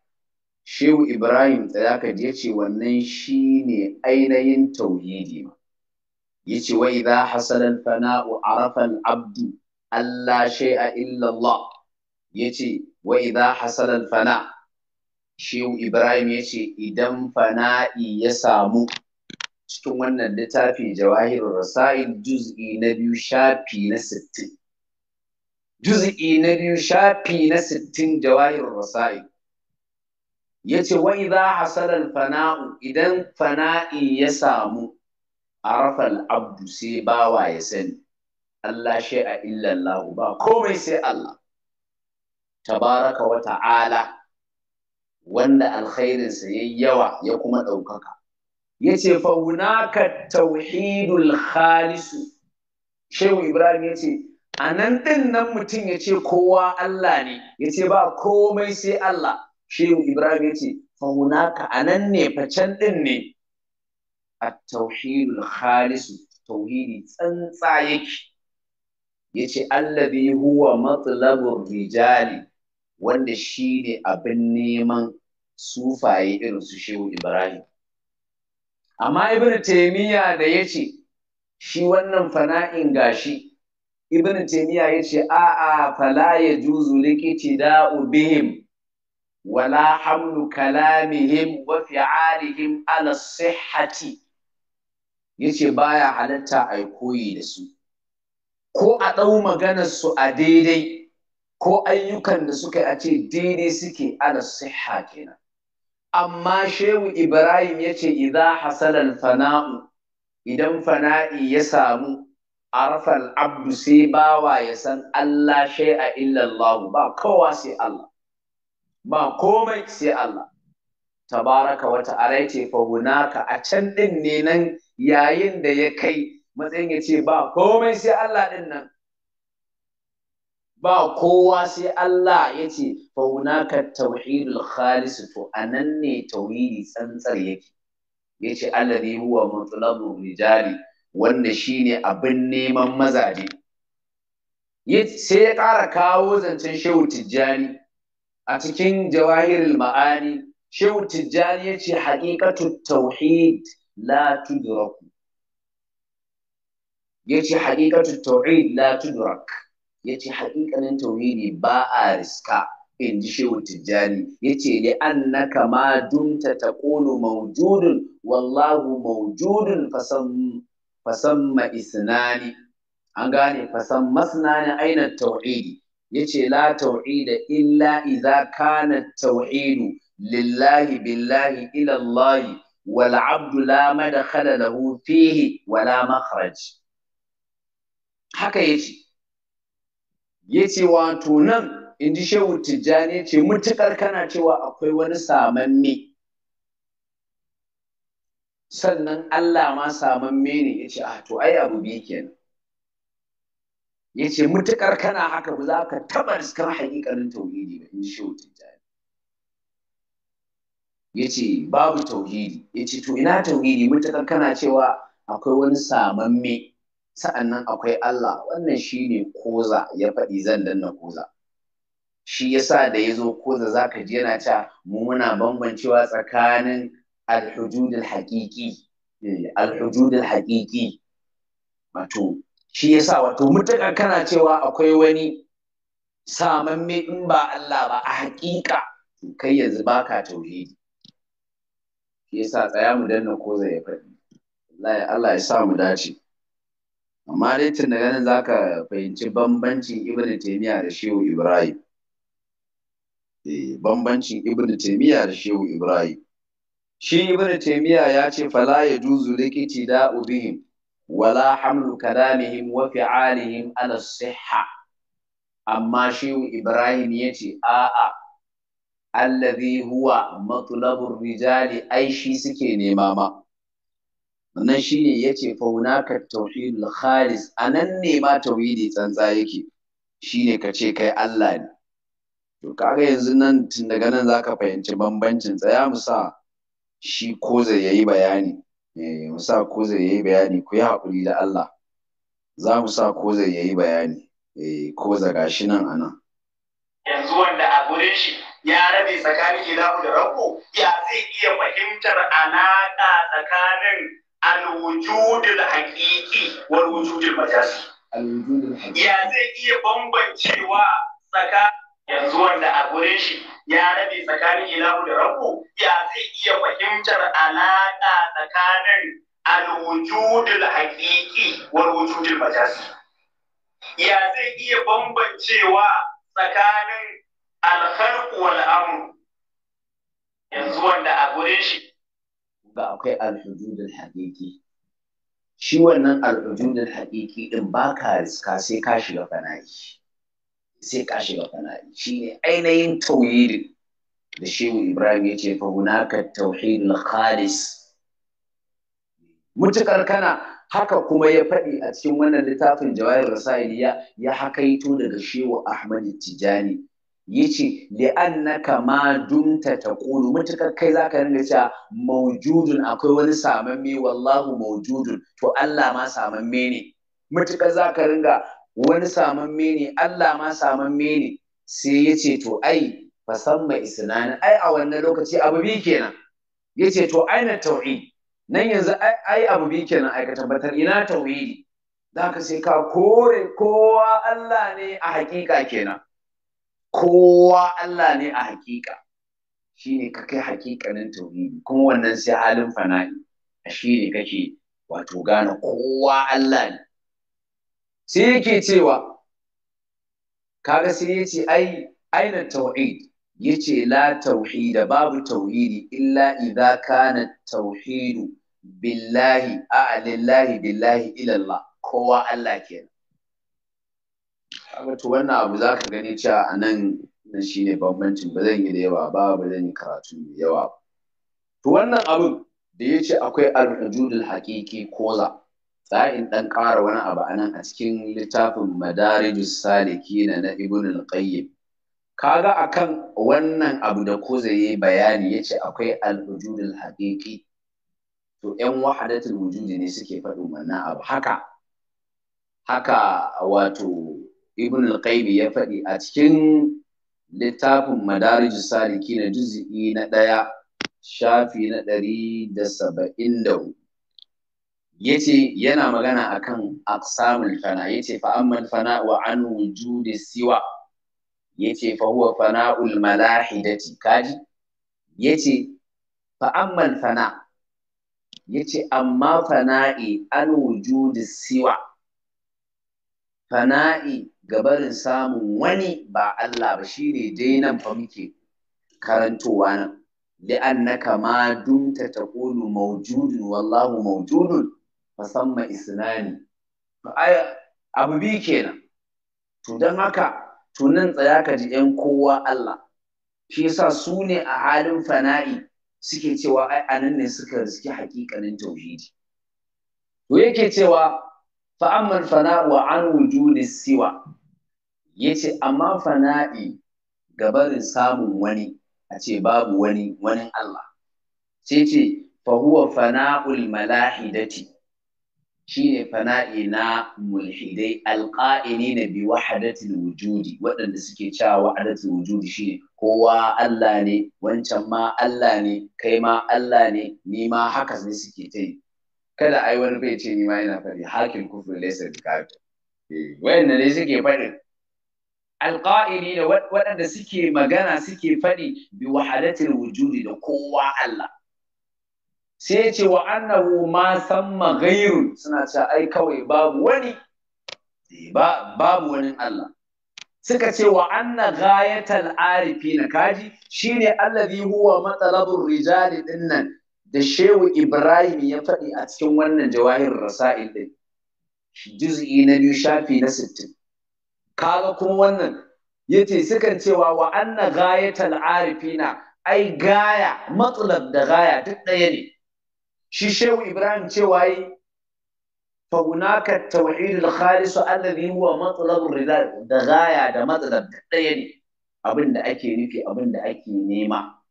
shehu ibrahim tsaya ka je ce wannan shi ne ainihin tauhidi ma ce wa idha hasalan fana'u arafa al-abdu Allah shay'a illa Allah Ya ce wa idha hasalan fana shehu ibrahim ya ce idan fana'i ya samu cikin wannan littafin jawahirur rasail juz'i na biyu shafi na sittin. juz'i na biyu shafi na 60 jawahirur rasail yace wai za hasala al fana'u idan fana'i ya samu arafa al abdu sai bawa ya sani Allah shay'a illa Allah ba komai sai Allah tabaraka wa ta'ala wanda alkhairinsa yayi yawa ya kuma ɗaukaka yace fa hunaka tauhidul khalisu shehu ibrahim yace anan din nan mutum yace kowa Allah ne yace ba komai sai Allah shehu ibrahim yace fa hunaka anan ne facen din ne A tauhidul khalis tauhidi tsantsa yake yace allabi huwa matlabur rijali wanda shine abin neman sufaye irin su shehu ibrahim amma ibn taymiya da yace shi wannan fana'in gashi ibn taymiya yace a a fala yajuzu da'u bihim wala hamlu kalamihim wa fi'alihim ala sihhati yace baya halatta ai koyi da su ko a ɗau maganar su a daidai ko ayyukan da suka a ce daidai suke ala sihha kenan amma shehu ibrahim yace idza hasala fana'u idan fana'i ya samu arafal abdu sai bawa ya san Allah shay'a a Allah ba kowa sai Allah ba komai sai Allah tabaraka wa ta'ala yace fa hunaka a can din ne nan yayin da ya kai matsayin ya ce ba komai sai Allah din nan ba kowa sai Allah ya ce fa hunaka tauhidul khalis to anan ne tauhidi tsantsar yake ya ce Allah ne huwa mutlabu rijali wanda shi ne abin neman mazaje sai ya ƙara kawo zancen shehu tijjani a cikin jawahirul ma'ani shehu tijjani ya ce haƙiƙatu tauhid la tudrak ya ce tauhid la tudrak yace haqiqanin tauhidi ba a riska in ji shehu tijjani ya ce li annaka ma dumta taqulu mawjudun wallahu mawjudun fasamma isnani an gane fasam masnani aina tauhidi yace la tawhida illa idza kana tauhidu lillahi billahi ila Allah wal abdu la madkhala lahu fihi wala makhraj haka yace yace wato nan inji shehu tijjani yace mutakar kana cewa akwai wani samanni sannan Allah ma samanne ne yace ah to ai abu bi kenan ya ce mutukar kana haka ba za ka taɓa iskar haƙiƙanin tauhidi ba in shi tijjani ya ce babu tauhidi ya ce to ina tauhidi mutukar kana cewa akwai wani saman samamme sa'annan akwai Allah wannan shi ne koza ya faɗi zan danna koza shi yasa da ya zo koza za ka ji yana ta, mu muna bambancewa tsakanin alhujudul haƙiƙi eh, alhujudul haƙiƙi wato shi ya sa wato mutuƙa, kana cewa akwai wani saman in ba Allah ba a haƙiƙa kai yanzu baka tauhidi shi yasa tsaya mu danna ko zai faɗi Allah ya sa mu dace amma dai tun da ganin za ka fahimci bambancin Ibn taimiyya da Shehu Ibrahim eh, bambancin Ibn taimiyya da Shehu Ibrahim shi Ibn taimiyya ya ce fala yajuzu likiti da ubihim wala hamlu kalamihim wa fi'alihim ala sihha amma shehu ibrahim yace a'a allazi huwa matlabur rijali ai shi suke nema ma nan shine yace 'Faunaka hunaka tauhidul khalis anan ne ma tauhidi tsantsa yake shine kace kai Allah ne to kaga yanzu nan tun daga nan zaka fahimci bambancin tsaya mu sa shi ko yayi bayani Eh, mu sa ko zai yayi bayani ku yi haƙuri da Allah za mu sa ko zai yayi bayani eh, ko zaga shi nan a nan yanzu wanda a gurin shi ya rabe tsakanin ilahu da rabu ya zai iya fahimtar alaƙa tsakanin alwujudul haƙiƙi wal wujudul majasi ya zai iya bambancewa tsakanin yanzu wanda a gurin shi ya rabe tsakanin ilahu da rabu ya zai iya fahimtar alaƙa tsakanin alwujudul haƙiƙi wal wujudul majasi ya zai iya bambancewa tsakanin alkhalqu wal amru yanzu wanda a gurin shi ba akwai alhududul haƙiƙi shi wannan alhududul haƙiƙi din ba ka riska sai ka shiga fana'i sai ka shiga shi shine ainihin tauhidin da shehu ibrahim ya ce fa hunaka tauhidul khalis mutukar kana haka kuma ya faɗi a cikin wannan littafin jawahir rasaili ya ya hakaito daga shehu ahmad tijani yace li'annaka ma dumta taqulu mutukar kai zaka ringa cewa mawjudun akwai wani samamme wallahu mawjudun to Allah ma samamme ne mutukar zaka ringa wani samamme ne Allah ma samamme ne sai ya ce to ai fasamma isnani ai a wannan lokaci abu bi kenan ya ce to ai na tauhid nan yanzu ai abu bi kenan ai ka tabbatar ina tauhidi za ka sai ka kore kowa Allah ne a hakika kenan kowa Allah ne a hakika Shi ne ka kai hakikanin tauhidi kuma wannan sai halin fana'i ne kake wato gane kowa Allah ne sai yake cewa kaga sai yace ai aina tauhid yace la tauhida babu tauhidi illa idza kana tauhidu billahi a lillahi billahi Allah kowa Allah kenan kaga to wannan abu zaka gani cewa anan nan shine bambancin ba zan yi da yawa ba ba zan yi karatu da yawa to wannan abu da yace akwai al-hududul haqiqi koza sa'in ɗan ƙara wani abu anan a cikin littafin madarijus saliki na ibn Ka ga kaga akan wannan abu da ko zai bayani yace akwai al haƙiƙi? to yan wahadatul wujudi ne suke faɗin wannan abu haka haka wato ibn al ya faɗi a cikin littafin madarijus na juz'i na ɗaya shafi na ɗari da saba'in da hudu yace yana magana akan aqsamul fana yace fa amman fana wa an wujudi siwa yace fa huwa fana'ul malahidati kaji yace fa amman fana yace amma fana'i an wujudi siwa fana'i gabarin samun wani ba Allah ba shine dai nan fa muke karantowa nan li'annaka ma dumta taqulu mawjudun wallahu mawjudun fasamma isnani abu biyu kenan to don haka tunan tsaya ka ji ‘yan kowa Allah shi yasa su ne a halin fana'i suke cewa ai anan ne suka riski hakikanin tauhidi to yake cewa fa'amman fana'u wa an wujudi siwa yace amma fana'i gabarin samun wani a ce babu wani wani Allah sai ce fa huwa fana'ul malahidati shine fana'i na mulhidai alqa'ini na bi wahdatil wujudi waɗanda suke cewa wahdatil wujudi shine kowa Allah ne wancan ma Allah ne kai ma Allah ne ni ma haka ne suke ta yi kada ai wani bai ce ni ma yana faɗi hakin kufru laysa bi kafir eh, wayannan ne suke fadi alqa'ini da waɗanda suke magana suke faɗi bi wahdatil wujudi da kowa Allah sai ya ce wa annahu ma samma magairu suna ce ai kawai babu wani eh, babu wani Allah suka ce wa anna ghayatal arifina kaji shine allazi huwa matsalabur rijali dinnan da shehu Ibrahim ya faɗi a cikin wannan jawahir rasa'il din juz'i na biyu shafi na sittin. kaga kuma wannan yace sukan cewa wa anna ghayatal arifina ai gaya matsalab da gaya duk ɗaya ne shi shehu ibrahim cewa yi fa hunaka tauhidul khalis alladhi huwa matlabur rida da gaya da matlab ɗaya ne abin da ake nufi abin da ake nema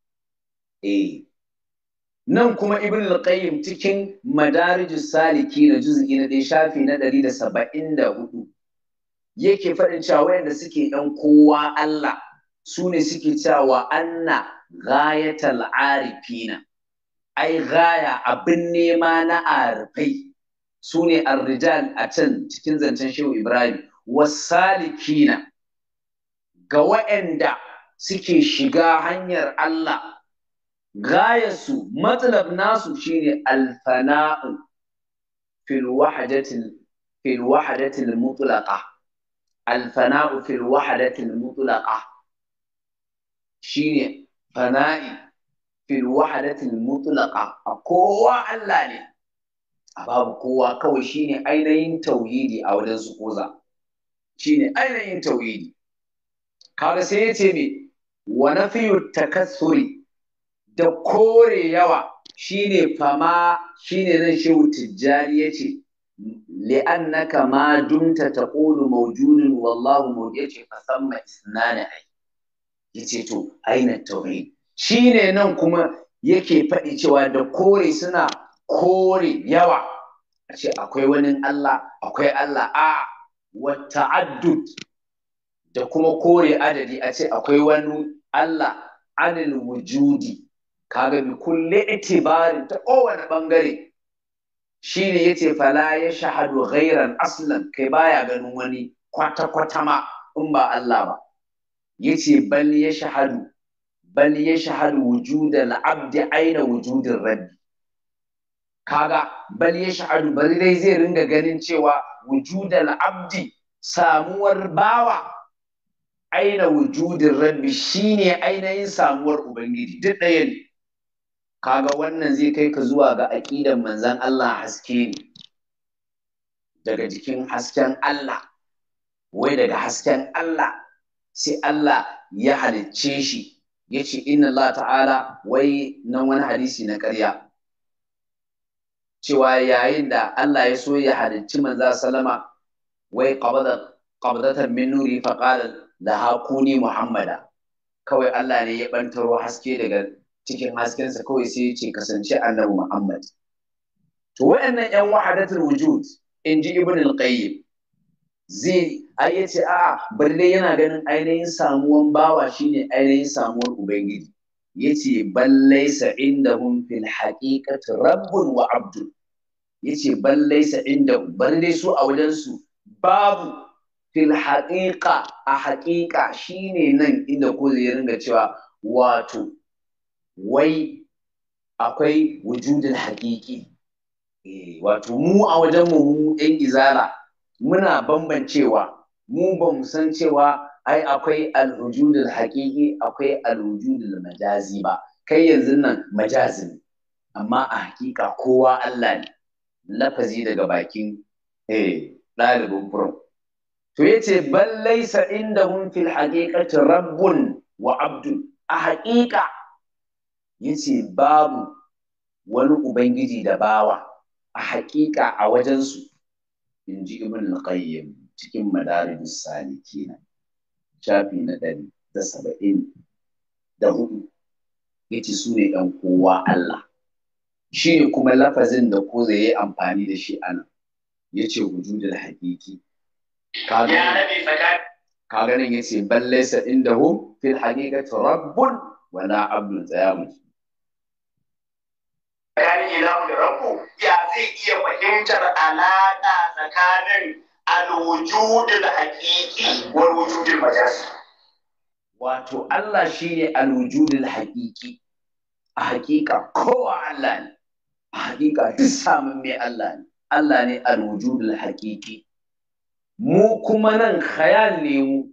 eh nan kuma ibn al-qayyim cikin madarijus saliki na juz'i na dai shafi na 174 yake faɗin cewa wayanda suke dan kowa Allah su ne suke cewa anna ghayatal arifina ai gaya abin nema na arfai su ne arrijal a can cikin zancen shehu ibrahim wasalikina ga waɗanda suke shiga hanyar Allah gayasu matsalab nasu shine alfana'u fil wahdatil fil wahdatil mutlaqa alfana'u fil mutlaqa shine fana'i fil wahdatil mutlaqa a kowa Allah ne a babu kowa kawai shine ainihin tauhidi a wajen su koza shine ainihin tauhidi kaga sai yace me wa nafiyu takassuri da kore yawa shine fama shine nan shehu tijjani yace لأنك ما دمت تقول موجود والله موجود يجي فثم إثنان أي يتيتو أين التوحيد Shi ne nan kuma yake faɗi cewa da kore suna kore yawa a ce akwai wani Allah akwai Allah a wata addud da kuma kore adadi a ce akwai wani Allah anil wujudi kaga bi kulle itibarin ta kowane bangare shi ne yace fala ya shahadu ghairan aslan kai baya ganin wani kwata kwata ma in ba Allah ba yace bal ya shahadu bal ya al wujudal abdi aina wujudin rabbi kaga bal ya shahadu bari dai zai ringa ganin cewa wujudal abdi samuwar bawa aina wujudin rabbi shine ainihin samuwar ubangiji duk ɗaya ne kaga wannan zai kai ka zuwa ga aƙidan manzan Allah haske ne daga jikin hasken Allah wai daga hasken Allah sai Allah ya halicce shi ya ce inna Allah ta'ala wai nan wani hadisi na ƙarya cewa yayin da Allah ya so ya halicci manza salama wai qabdatan min nuri fa qala la hakuni muhammada kawai Allah ne ya ɓantaro haske daga cikin haskensa kawai sai ce kasance annabi muhammad to wayannan yan wahadatul wujud in ji ibn al-qayyim zai ai ya ce a'a balle yana ganin ainihin samuwan bawa shine ainihin samuwar ubangiji yace balle sa indahum fil haqiqati rabbun wa abdun yace balle sa inda balle su a wajen babu fil haqiqa a haqiqa shine nan inda ko zai ringa cewa wato wai akwai wujudin haƙiƙi. Eh, wato mu a wajen mu mu ɗan izala muna bambancewa mu ba mu san cewa ai akwai al'ujudul haƙiƙi akwai al'ujudul majazi ba kai yanzu nan majazi amma a haƙiƙa, kowa Allah ne lafazi daga bakin eh ɗalibin furon to yace bal laysa indahum fil haqiqati rabbun wa abdun a haƙiƙa yace babu wani ubangiji da bawa a haƙiƙa a wajensu in ji ibn al-qayyim cikin madarijus salikin shafi na ɗari da saba'in da hudu yace su ne ɗan kowa Allah shi ne kuma lafazin da ko zai yi amfani da shi anan yace wujudul haqiqi kaga kaga nan yace bal laysa indahu fil haqiqati rabbun wala abdun tsayamu yani da ya zai iya fahimtar alaƙa tsakanin alwujudul haqiqi wal wujudul majaz wato Allah shine alwujudul haqiqi a haƙiƙa kowa Allah ne a haƙiƙa duk samun mai Allah ne Allah ne alwujudul haqiqi mu kuma nan khayal ne mu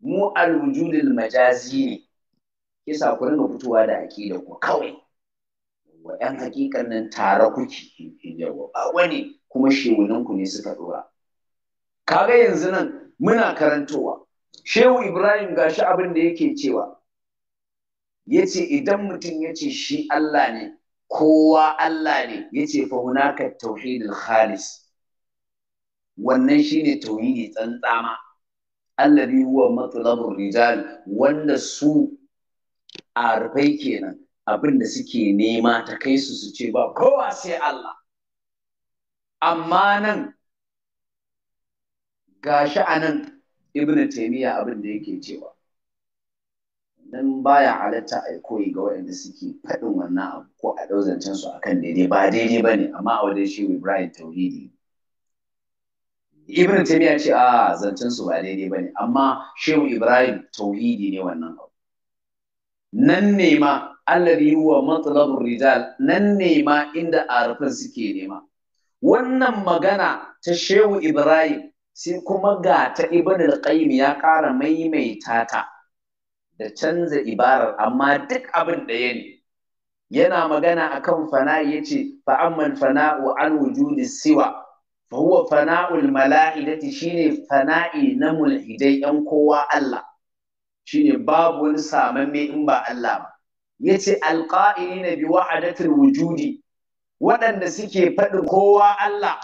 mu alwujudul majazi ne Kisa ku rinka fitowa da aqida ku kawai wa 'yan hakikan nan tare kuke yawa ba wani kuma nanku ne suka dora kaga yanzu nan muna karantowa shehu ibrahim gashi abin da yake cewa yace idan mutum yace shi Allah ne kowa Allah ne yace fa hunaka tauhidul khalis wannan shine tauhidi tsantsama alladhi huwa matlabur rijal wanda su arfai kenan abinda suke nema ta kai su su ce ba kowa sai Allah amma nan ga a nan ibn taimiyya abin da yake cewa nan baya halatta a koyi ga waɗanda suke faɗin wannan abu ko a ɗauzancen su kan daidai ba daidai ba ne amma a wajen shi ibrahim tauhidi ibn taimiyya ce a zancen su ba daidai ba ne amma shehu ibrahim tauhidi ne wannan abu nan ne ma alladhi huwa matlabur rijal nan ne ma inda arifan suke nema wannan magana ta shehu ibrahim sai kuma ga ta ibn al-qayyim ya ƙara maimaita ta da canza ibarar amma duk abin ɗaya ne yana magana akan fana yace ce Fa'amman fana'u an wujudi siwa fahuwa fana'ul mala'idati shine fana'i na mulhidai yan kowa Allah shine babu wani samamme in ba Allah ba yace alqa'ina bi wahdatil wujudi waɗanda suke faɗin kowa Allah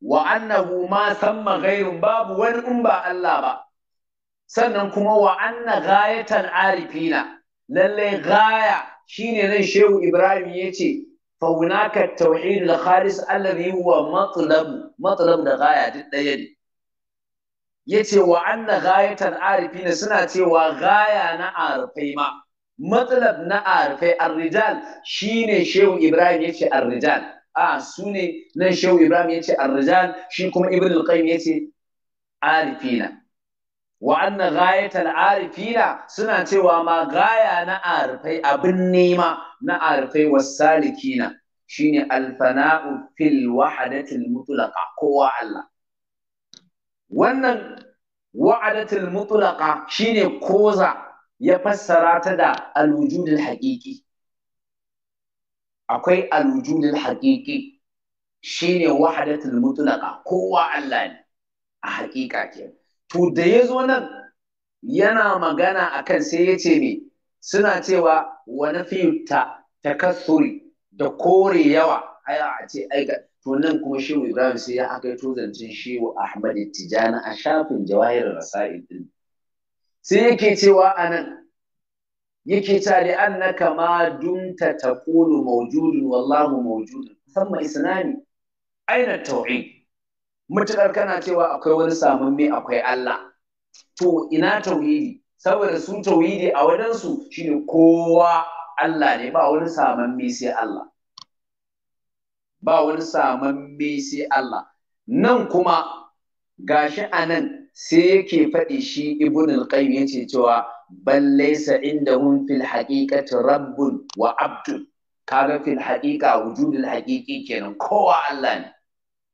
wa annahu ma samma babu wani in ba Allah ba sannan kuma wa'anna anna arifina lallai gaya shine nan Shehu Ibrahim yace ce, hunaka tauhid al khalis alladhi huwa matlab matlab da gaya duk ɗaya. ne yace wa anna ghayatan arifina suna cewa gaya na arifai ma matsalab na arfe arrijal shine shehu ibrahim yace arrijal a su ne nan shehu ibrahim ce arrijal shi kuma ibn al-qayyim yace arifina wa anna ghayatal arifina suna cewa ma gaya na arifai abin nema na arfe wasalikina shine alfana'u fil wahdatil mutlaqa kowa Allah wannan wa'adatul mutlaqa shine koza ya fassara ta da alwujudul haƙiƙi akwai alwujudul haƙiƙi shine wahdatul mutlaqa kowa Allah ne a haƙiƙa ke to da yazo nan yana magana akan sai yace me suna cewa wa nafiyu ta takassuri da kore yawa aya a ce aika to nan kuma shehu Ibrahim sai ya aka shi shehu Ahmad Tijani a shafin Jawahir Rasail din sai yake cewa anan yake ta da kama ta ta taqulu mawjudun wallahu mawjudun musamman isnani aina tauhid mutakar kana cewa akwai wani mai akwai Allah to ina tauhidi saboda su tauhidi a wadansu shine kowa Allah ne ba wani mai sai Allah ba wani mai sai Allah nan kuma gashi a nan sai yake faɗi shi ibn al-qayyim yace cewa bal inda indahum fil haqiqati rabbun wa abdun kaga fil haqiqa wujudul haqiqi kenan kowa Allah ne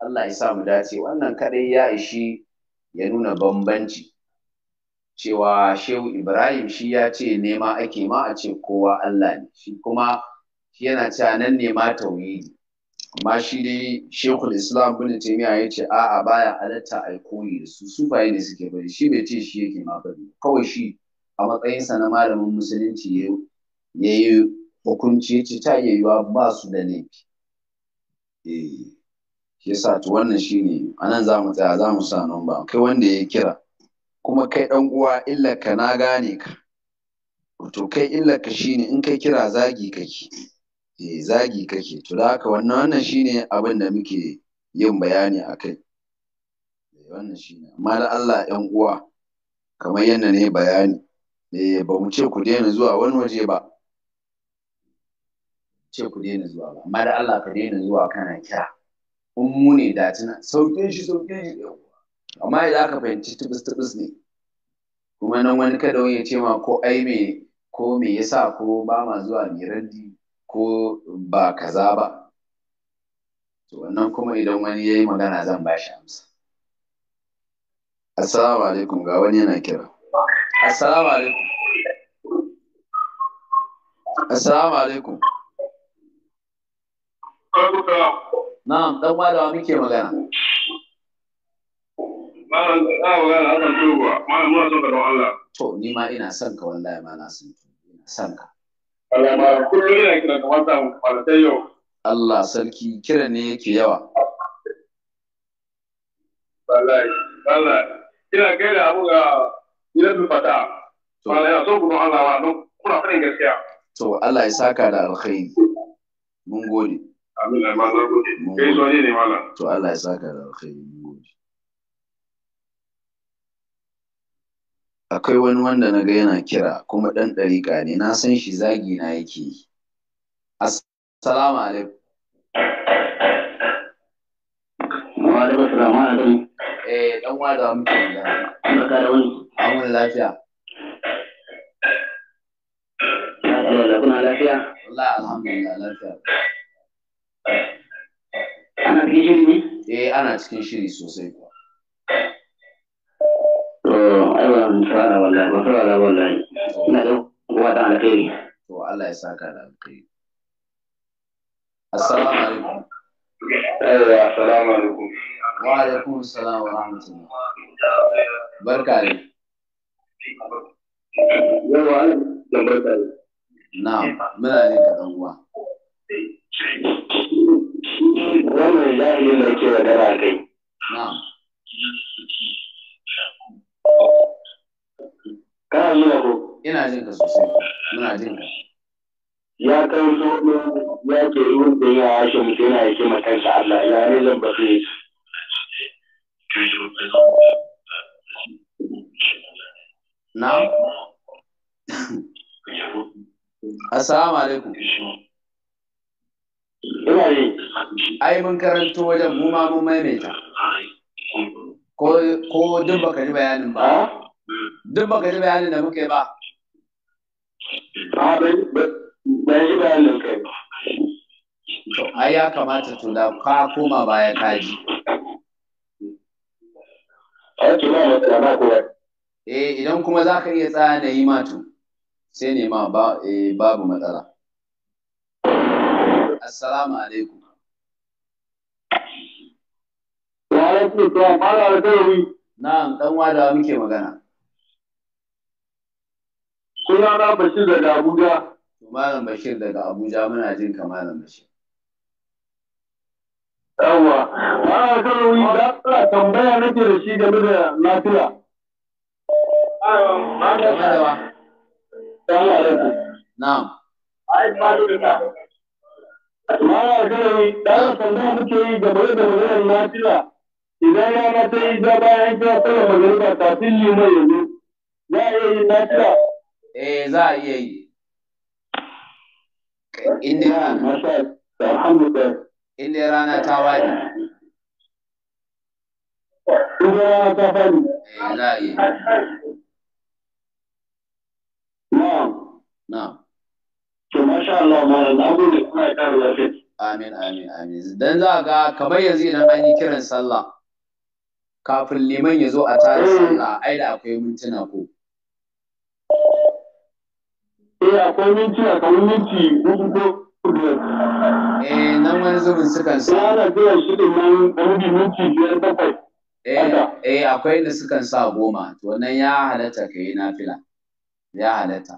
Allah ya sa mu dace wannan kadai ya ishi ya nuna bambanci cewa Shehu Ibrahim shi ya ce nema ake ma a ce kowa Allah ne shi kuma shi yana cewa nan nema tauhidi amma shi dai shekul islam bin taimiya ya ce a'a baya halatta a koyi da su sufaye ne suke bari shi bai ce shi yake ma bari kawai shi a matsayinsa na malamin musulunci ya yi hukunci ya ce ta iya wa ba su da laifi eh yasa to wannan A nan za mu tsaya za mu sa nan ba. kai wanda ya kira kuma kai dan uwa illa ka na gane ka to kai illa ka ne in kai kira zagi kake E zagi kake to da haka wannan wannan shine abin da muke yin bayani a kai eh, wannan shine amma da Allah ƴan uwa kamar yadda ne bayani e, ba mu ce ku daina zuwa wani waje ba ce ku daina zuwa ba amma da Allah ka daina zuwa kana kira in mu ne da tuna sauke shi sauke shi amma idan aka fahimci tubus tubus ne kuma nan wani kada wani ya ce ma ko ai me ko me yasa ko ba ma zuwa mai raddi ko ba kaza ba to wannan kuma idan wani ya yi magana zan ba shi amsa assalamu alaikum ga wani yana kira assalamu alaikum assalamu alaikum na'am dan wa muke magana ma na magana akan tuba, malam muna son ka don Allah. To, ni ma ina son ka wallahi ma na son ka. Amma kullum yana kiran da wannan kwanatai yau. Allah sarki kiran ne yake yawa. Wallahi, wallahi, ina gaida abu ga gidan fata. Wallahi, ya so gudun Allah wa don kuna fadin gaskiya. To, Allah ya saka da alkhairi. Mun gode. Amin, Allah, mun gode. Kai zo ne ne, Malam. To, Allah ya saka da alkhairi. Mun gode. akwai wani wanda na ga yana kira kuma ɗan ɗariƙa ne na san shi zagi na yake yi assalamu alaikum wa alaikum assalamu alaikum eh dan wada muke da ka da wani amun lafiya Allah kuna lafiya Allah alhamdulillah lafiya ana cikin shiri ne eh ana cikin shiri sosai aiwan sarara wallahi ba sarara wallahi da to Allah ya saka da alkhairi assalamu alaikum assalamu alaikum wa alaikum assalam wa rahmatullah barka ne yawa da barka ne na'am muna ne ka dan uwa wannan jami'in da ke da kai na'am Kana nuna ko? Ina jin ka sosai, muna jin ka. Ya kai so ya ke ruwan da ya ashe mutum yana yake makansa Allah ya ne zan ba sai Na? Assalamu alaikum. Ina ne. Ai mun karanto wajen mu ma mun maimaita. ko duk baka ji bayanin ba duk baka ji bayanin da muke ba a ban ji bayanin kai ba ai ya kamata to da ka koma baya ka ji eh idan kuma za ka iya tsaya na yi ma to sai ba eh babu matsala assalamu alaikum Wa ya ce ta da dauri. Na'am dan wada muke magana. Kuna na Bashir daga Abuja. Malam Bashir daga Abuja muna jin ka Malam Bashir. Yawwa, mara da dauri da Allah tambaya nake da shi game da lafiya. Na'am. Mara da dauri da Allah tambaya nake game da maganar lafiya. idan rana ta yi da bayan kira sallar magariba kafin liman mai yanzu. za a iya yin nafila eh za a iya yi inda inda rana ta wani inda rana ta wani eh za a iya na'am na'am to masha Allah malam abu ne kuma ya kare lafiya amin amin amin dan za ga kamar yanzu idan an yi kiran sallah kafin liman ya zo a tare mm. sallah ai da akwai mintuna ko eh akwai mintuna ko minti uku ko eh nan wani zubin sukan sa da zuwa shirin nan rubi minti biyar bakwai eh, eh akwai da sukan sa goma to nan ya halatta ka yi fila, ya halatta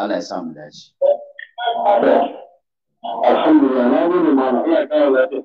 Allah ya sa mu dace alhamdulillah na gode mana ya kawo lafiya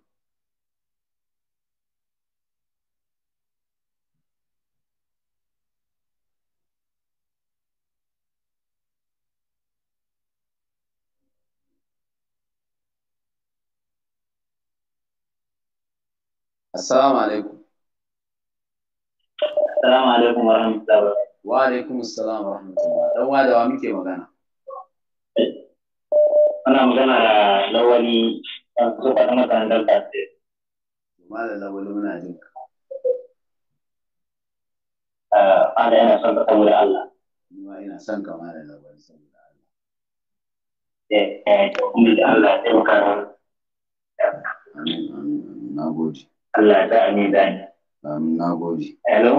Assalamu alaikum. Assalamu alaikum wa rahmatullahi wa alaikum assalam wa rahmatullahi dan wa da wa muke magana. Ana magana da lawali a kusa faɗa masa handar kafe. Malam lawali muna jin ka. Malam ah, son ka saboda Allah. Nima ina son ka malam lawali saboda Allah. Eh, eh, kuma da Allah ya taimaka. Na gode. Allah ya sa a ne da Amin, na gode. Hello?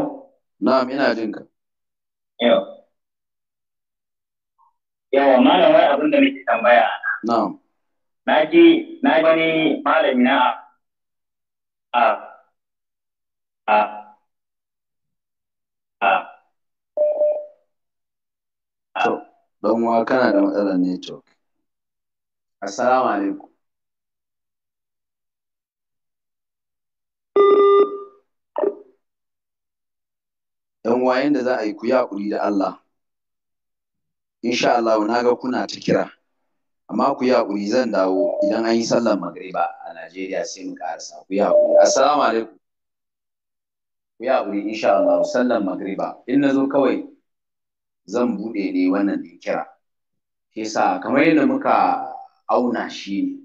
Na'am, ina jin ka. Yau. Yawa, malam wai abin da muke tambaya. Na'am. Na ji, na gani wani malami na a a a To, don wa kana da matsalar network. Assalamu alaikum. Dan wayan da za a yi ku yi da Allah insha Allah na ga kuna ta kira amma ku yi zan dawo idan an yi sallar magriba a Najeriya sai mu karasa ku yi assalamu alaikum ku yi insha Allah sallar magriba in na zo kawai zan buɗe ne wannan da kira Ke sa kamar yadda muka auna shi ne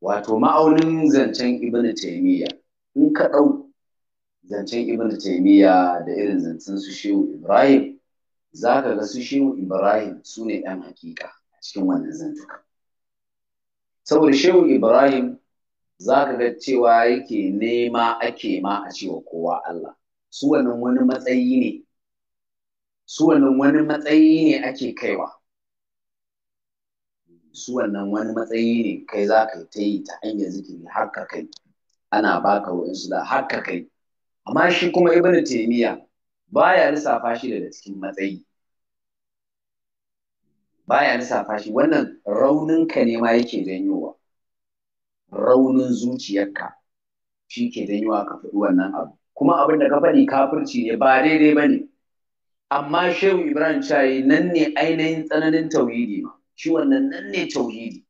wato ma'aunin zancen ibnu taymiya in ka ɗau zancen ibn taimiyya da irin zancen su shehu ibrahim za ka ga su shehu ibrahim su ne ɗan hakika a cikin wannan zantuka saboda shehu ibrahim za ka ga cewa yake nema ake ma a cewa kowa allah su wannan wani matsayi ne su wannan wani matsayi ne ake kaiwa su wannan wani matsayi ne kai za ka ta yi ta hanyar zikiri har ka kai ana baka wa'insu da har kai amma shi kuma ibnu taymiya baya lissafa shi daga cikin matsayi baya lissafa shi wannan raunin ka ne ma yake danyowa raunin zuciyarka shi ke danyowa ka faɗi wannan abu kuma abin da ka faɗi kafirci ne ba daidai ba ne amma shehu ibrahim shayi nan ne ainihin tsananin tauhidi ma shi wannan nan ne tauhidi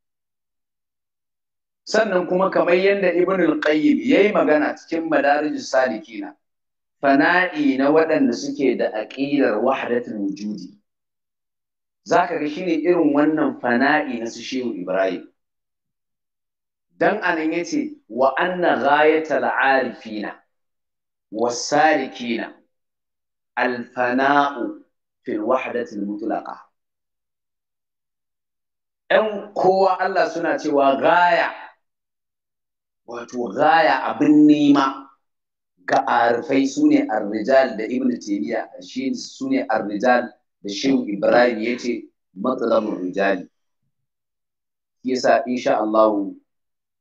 sannan kuma kamar yadda ibn al-qayyim yayi magana cikin madarij salikina fana'i na waɗanda suke da aƙilar wahdatul wujudi zaka ga shine irin wannan fana'i na su shehu ibrahim dan anan yace wa anna ghayatal arifina wasalikina al-fana'u fil wahdatil mutlaqa ‘yan kowa Allah suna cewa gaya wato gaya abin nema ga arifai su ne arrijal da ibn taymiya shi su ne arrijal da shehu ibrahim ya ce matsalar rijali yasa insha Allah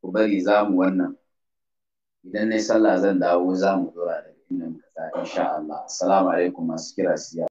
ku bari za mu wannan idan na yi sallah zan dawo za mu zura daga inda muka in insha Allah assalamu alaikum masu kira siya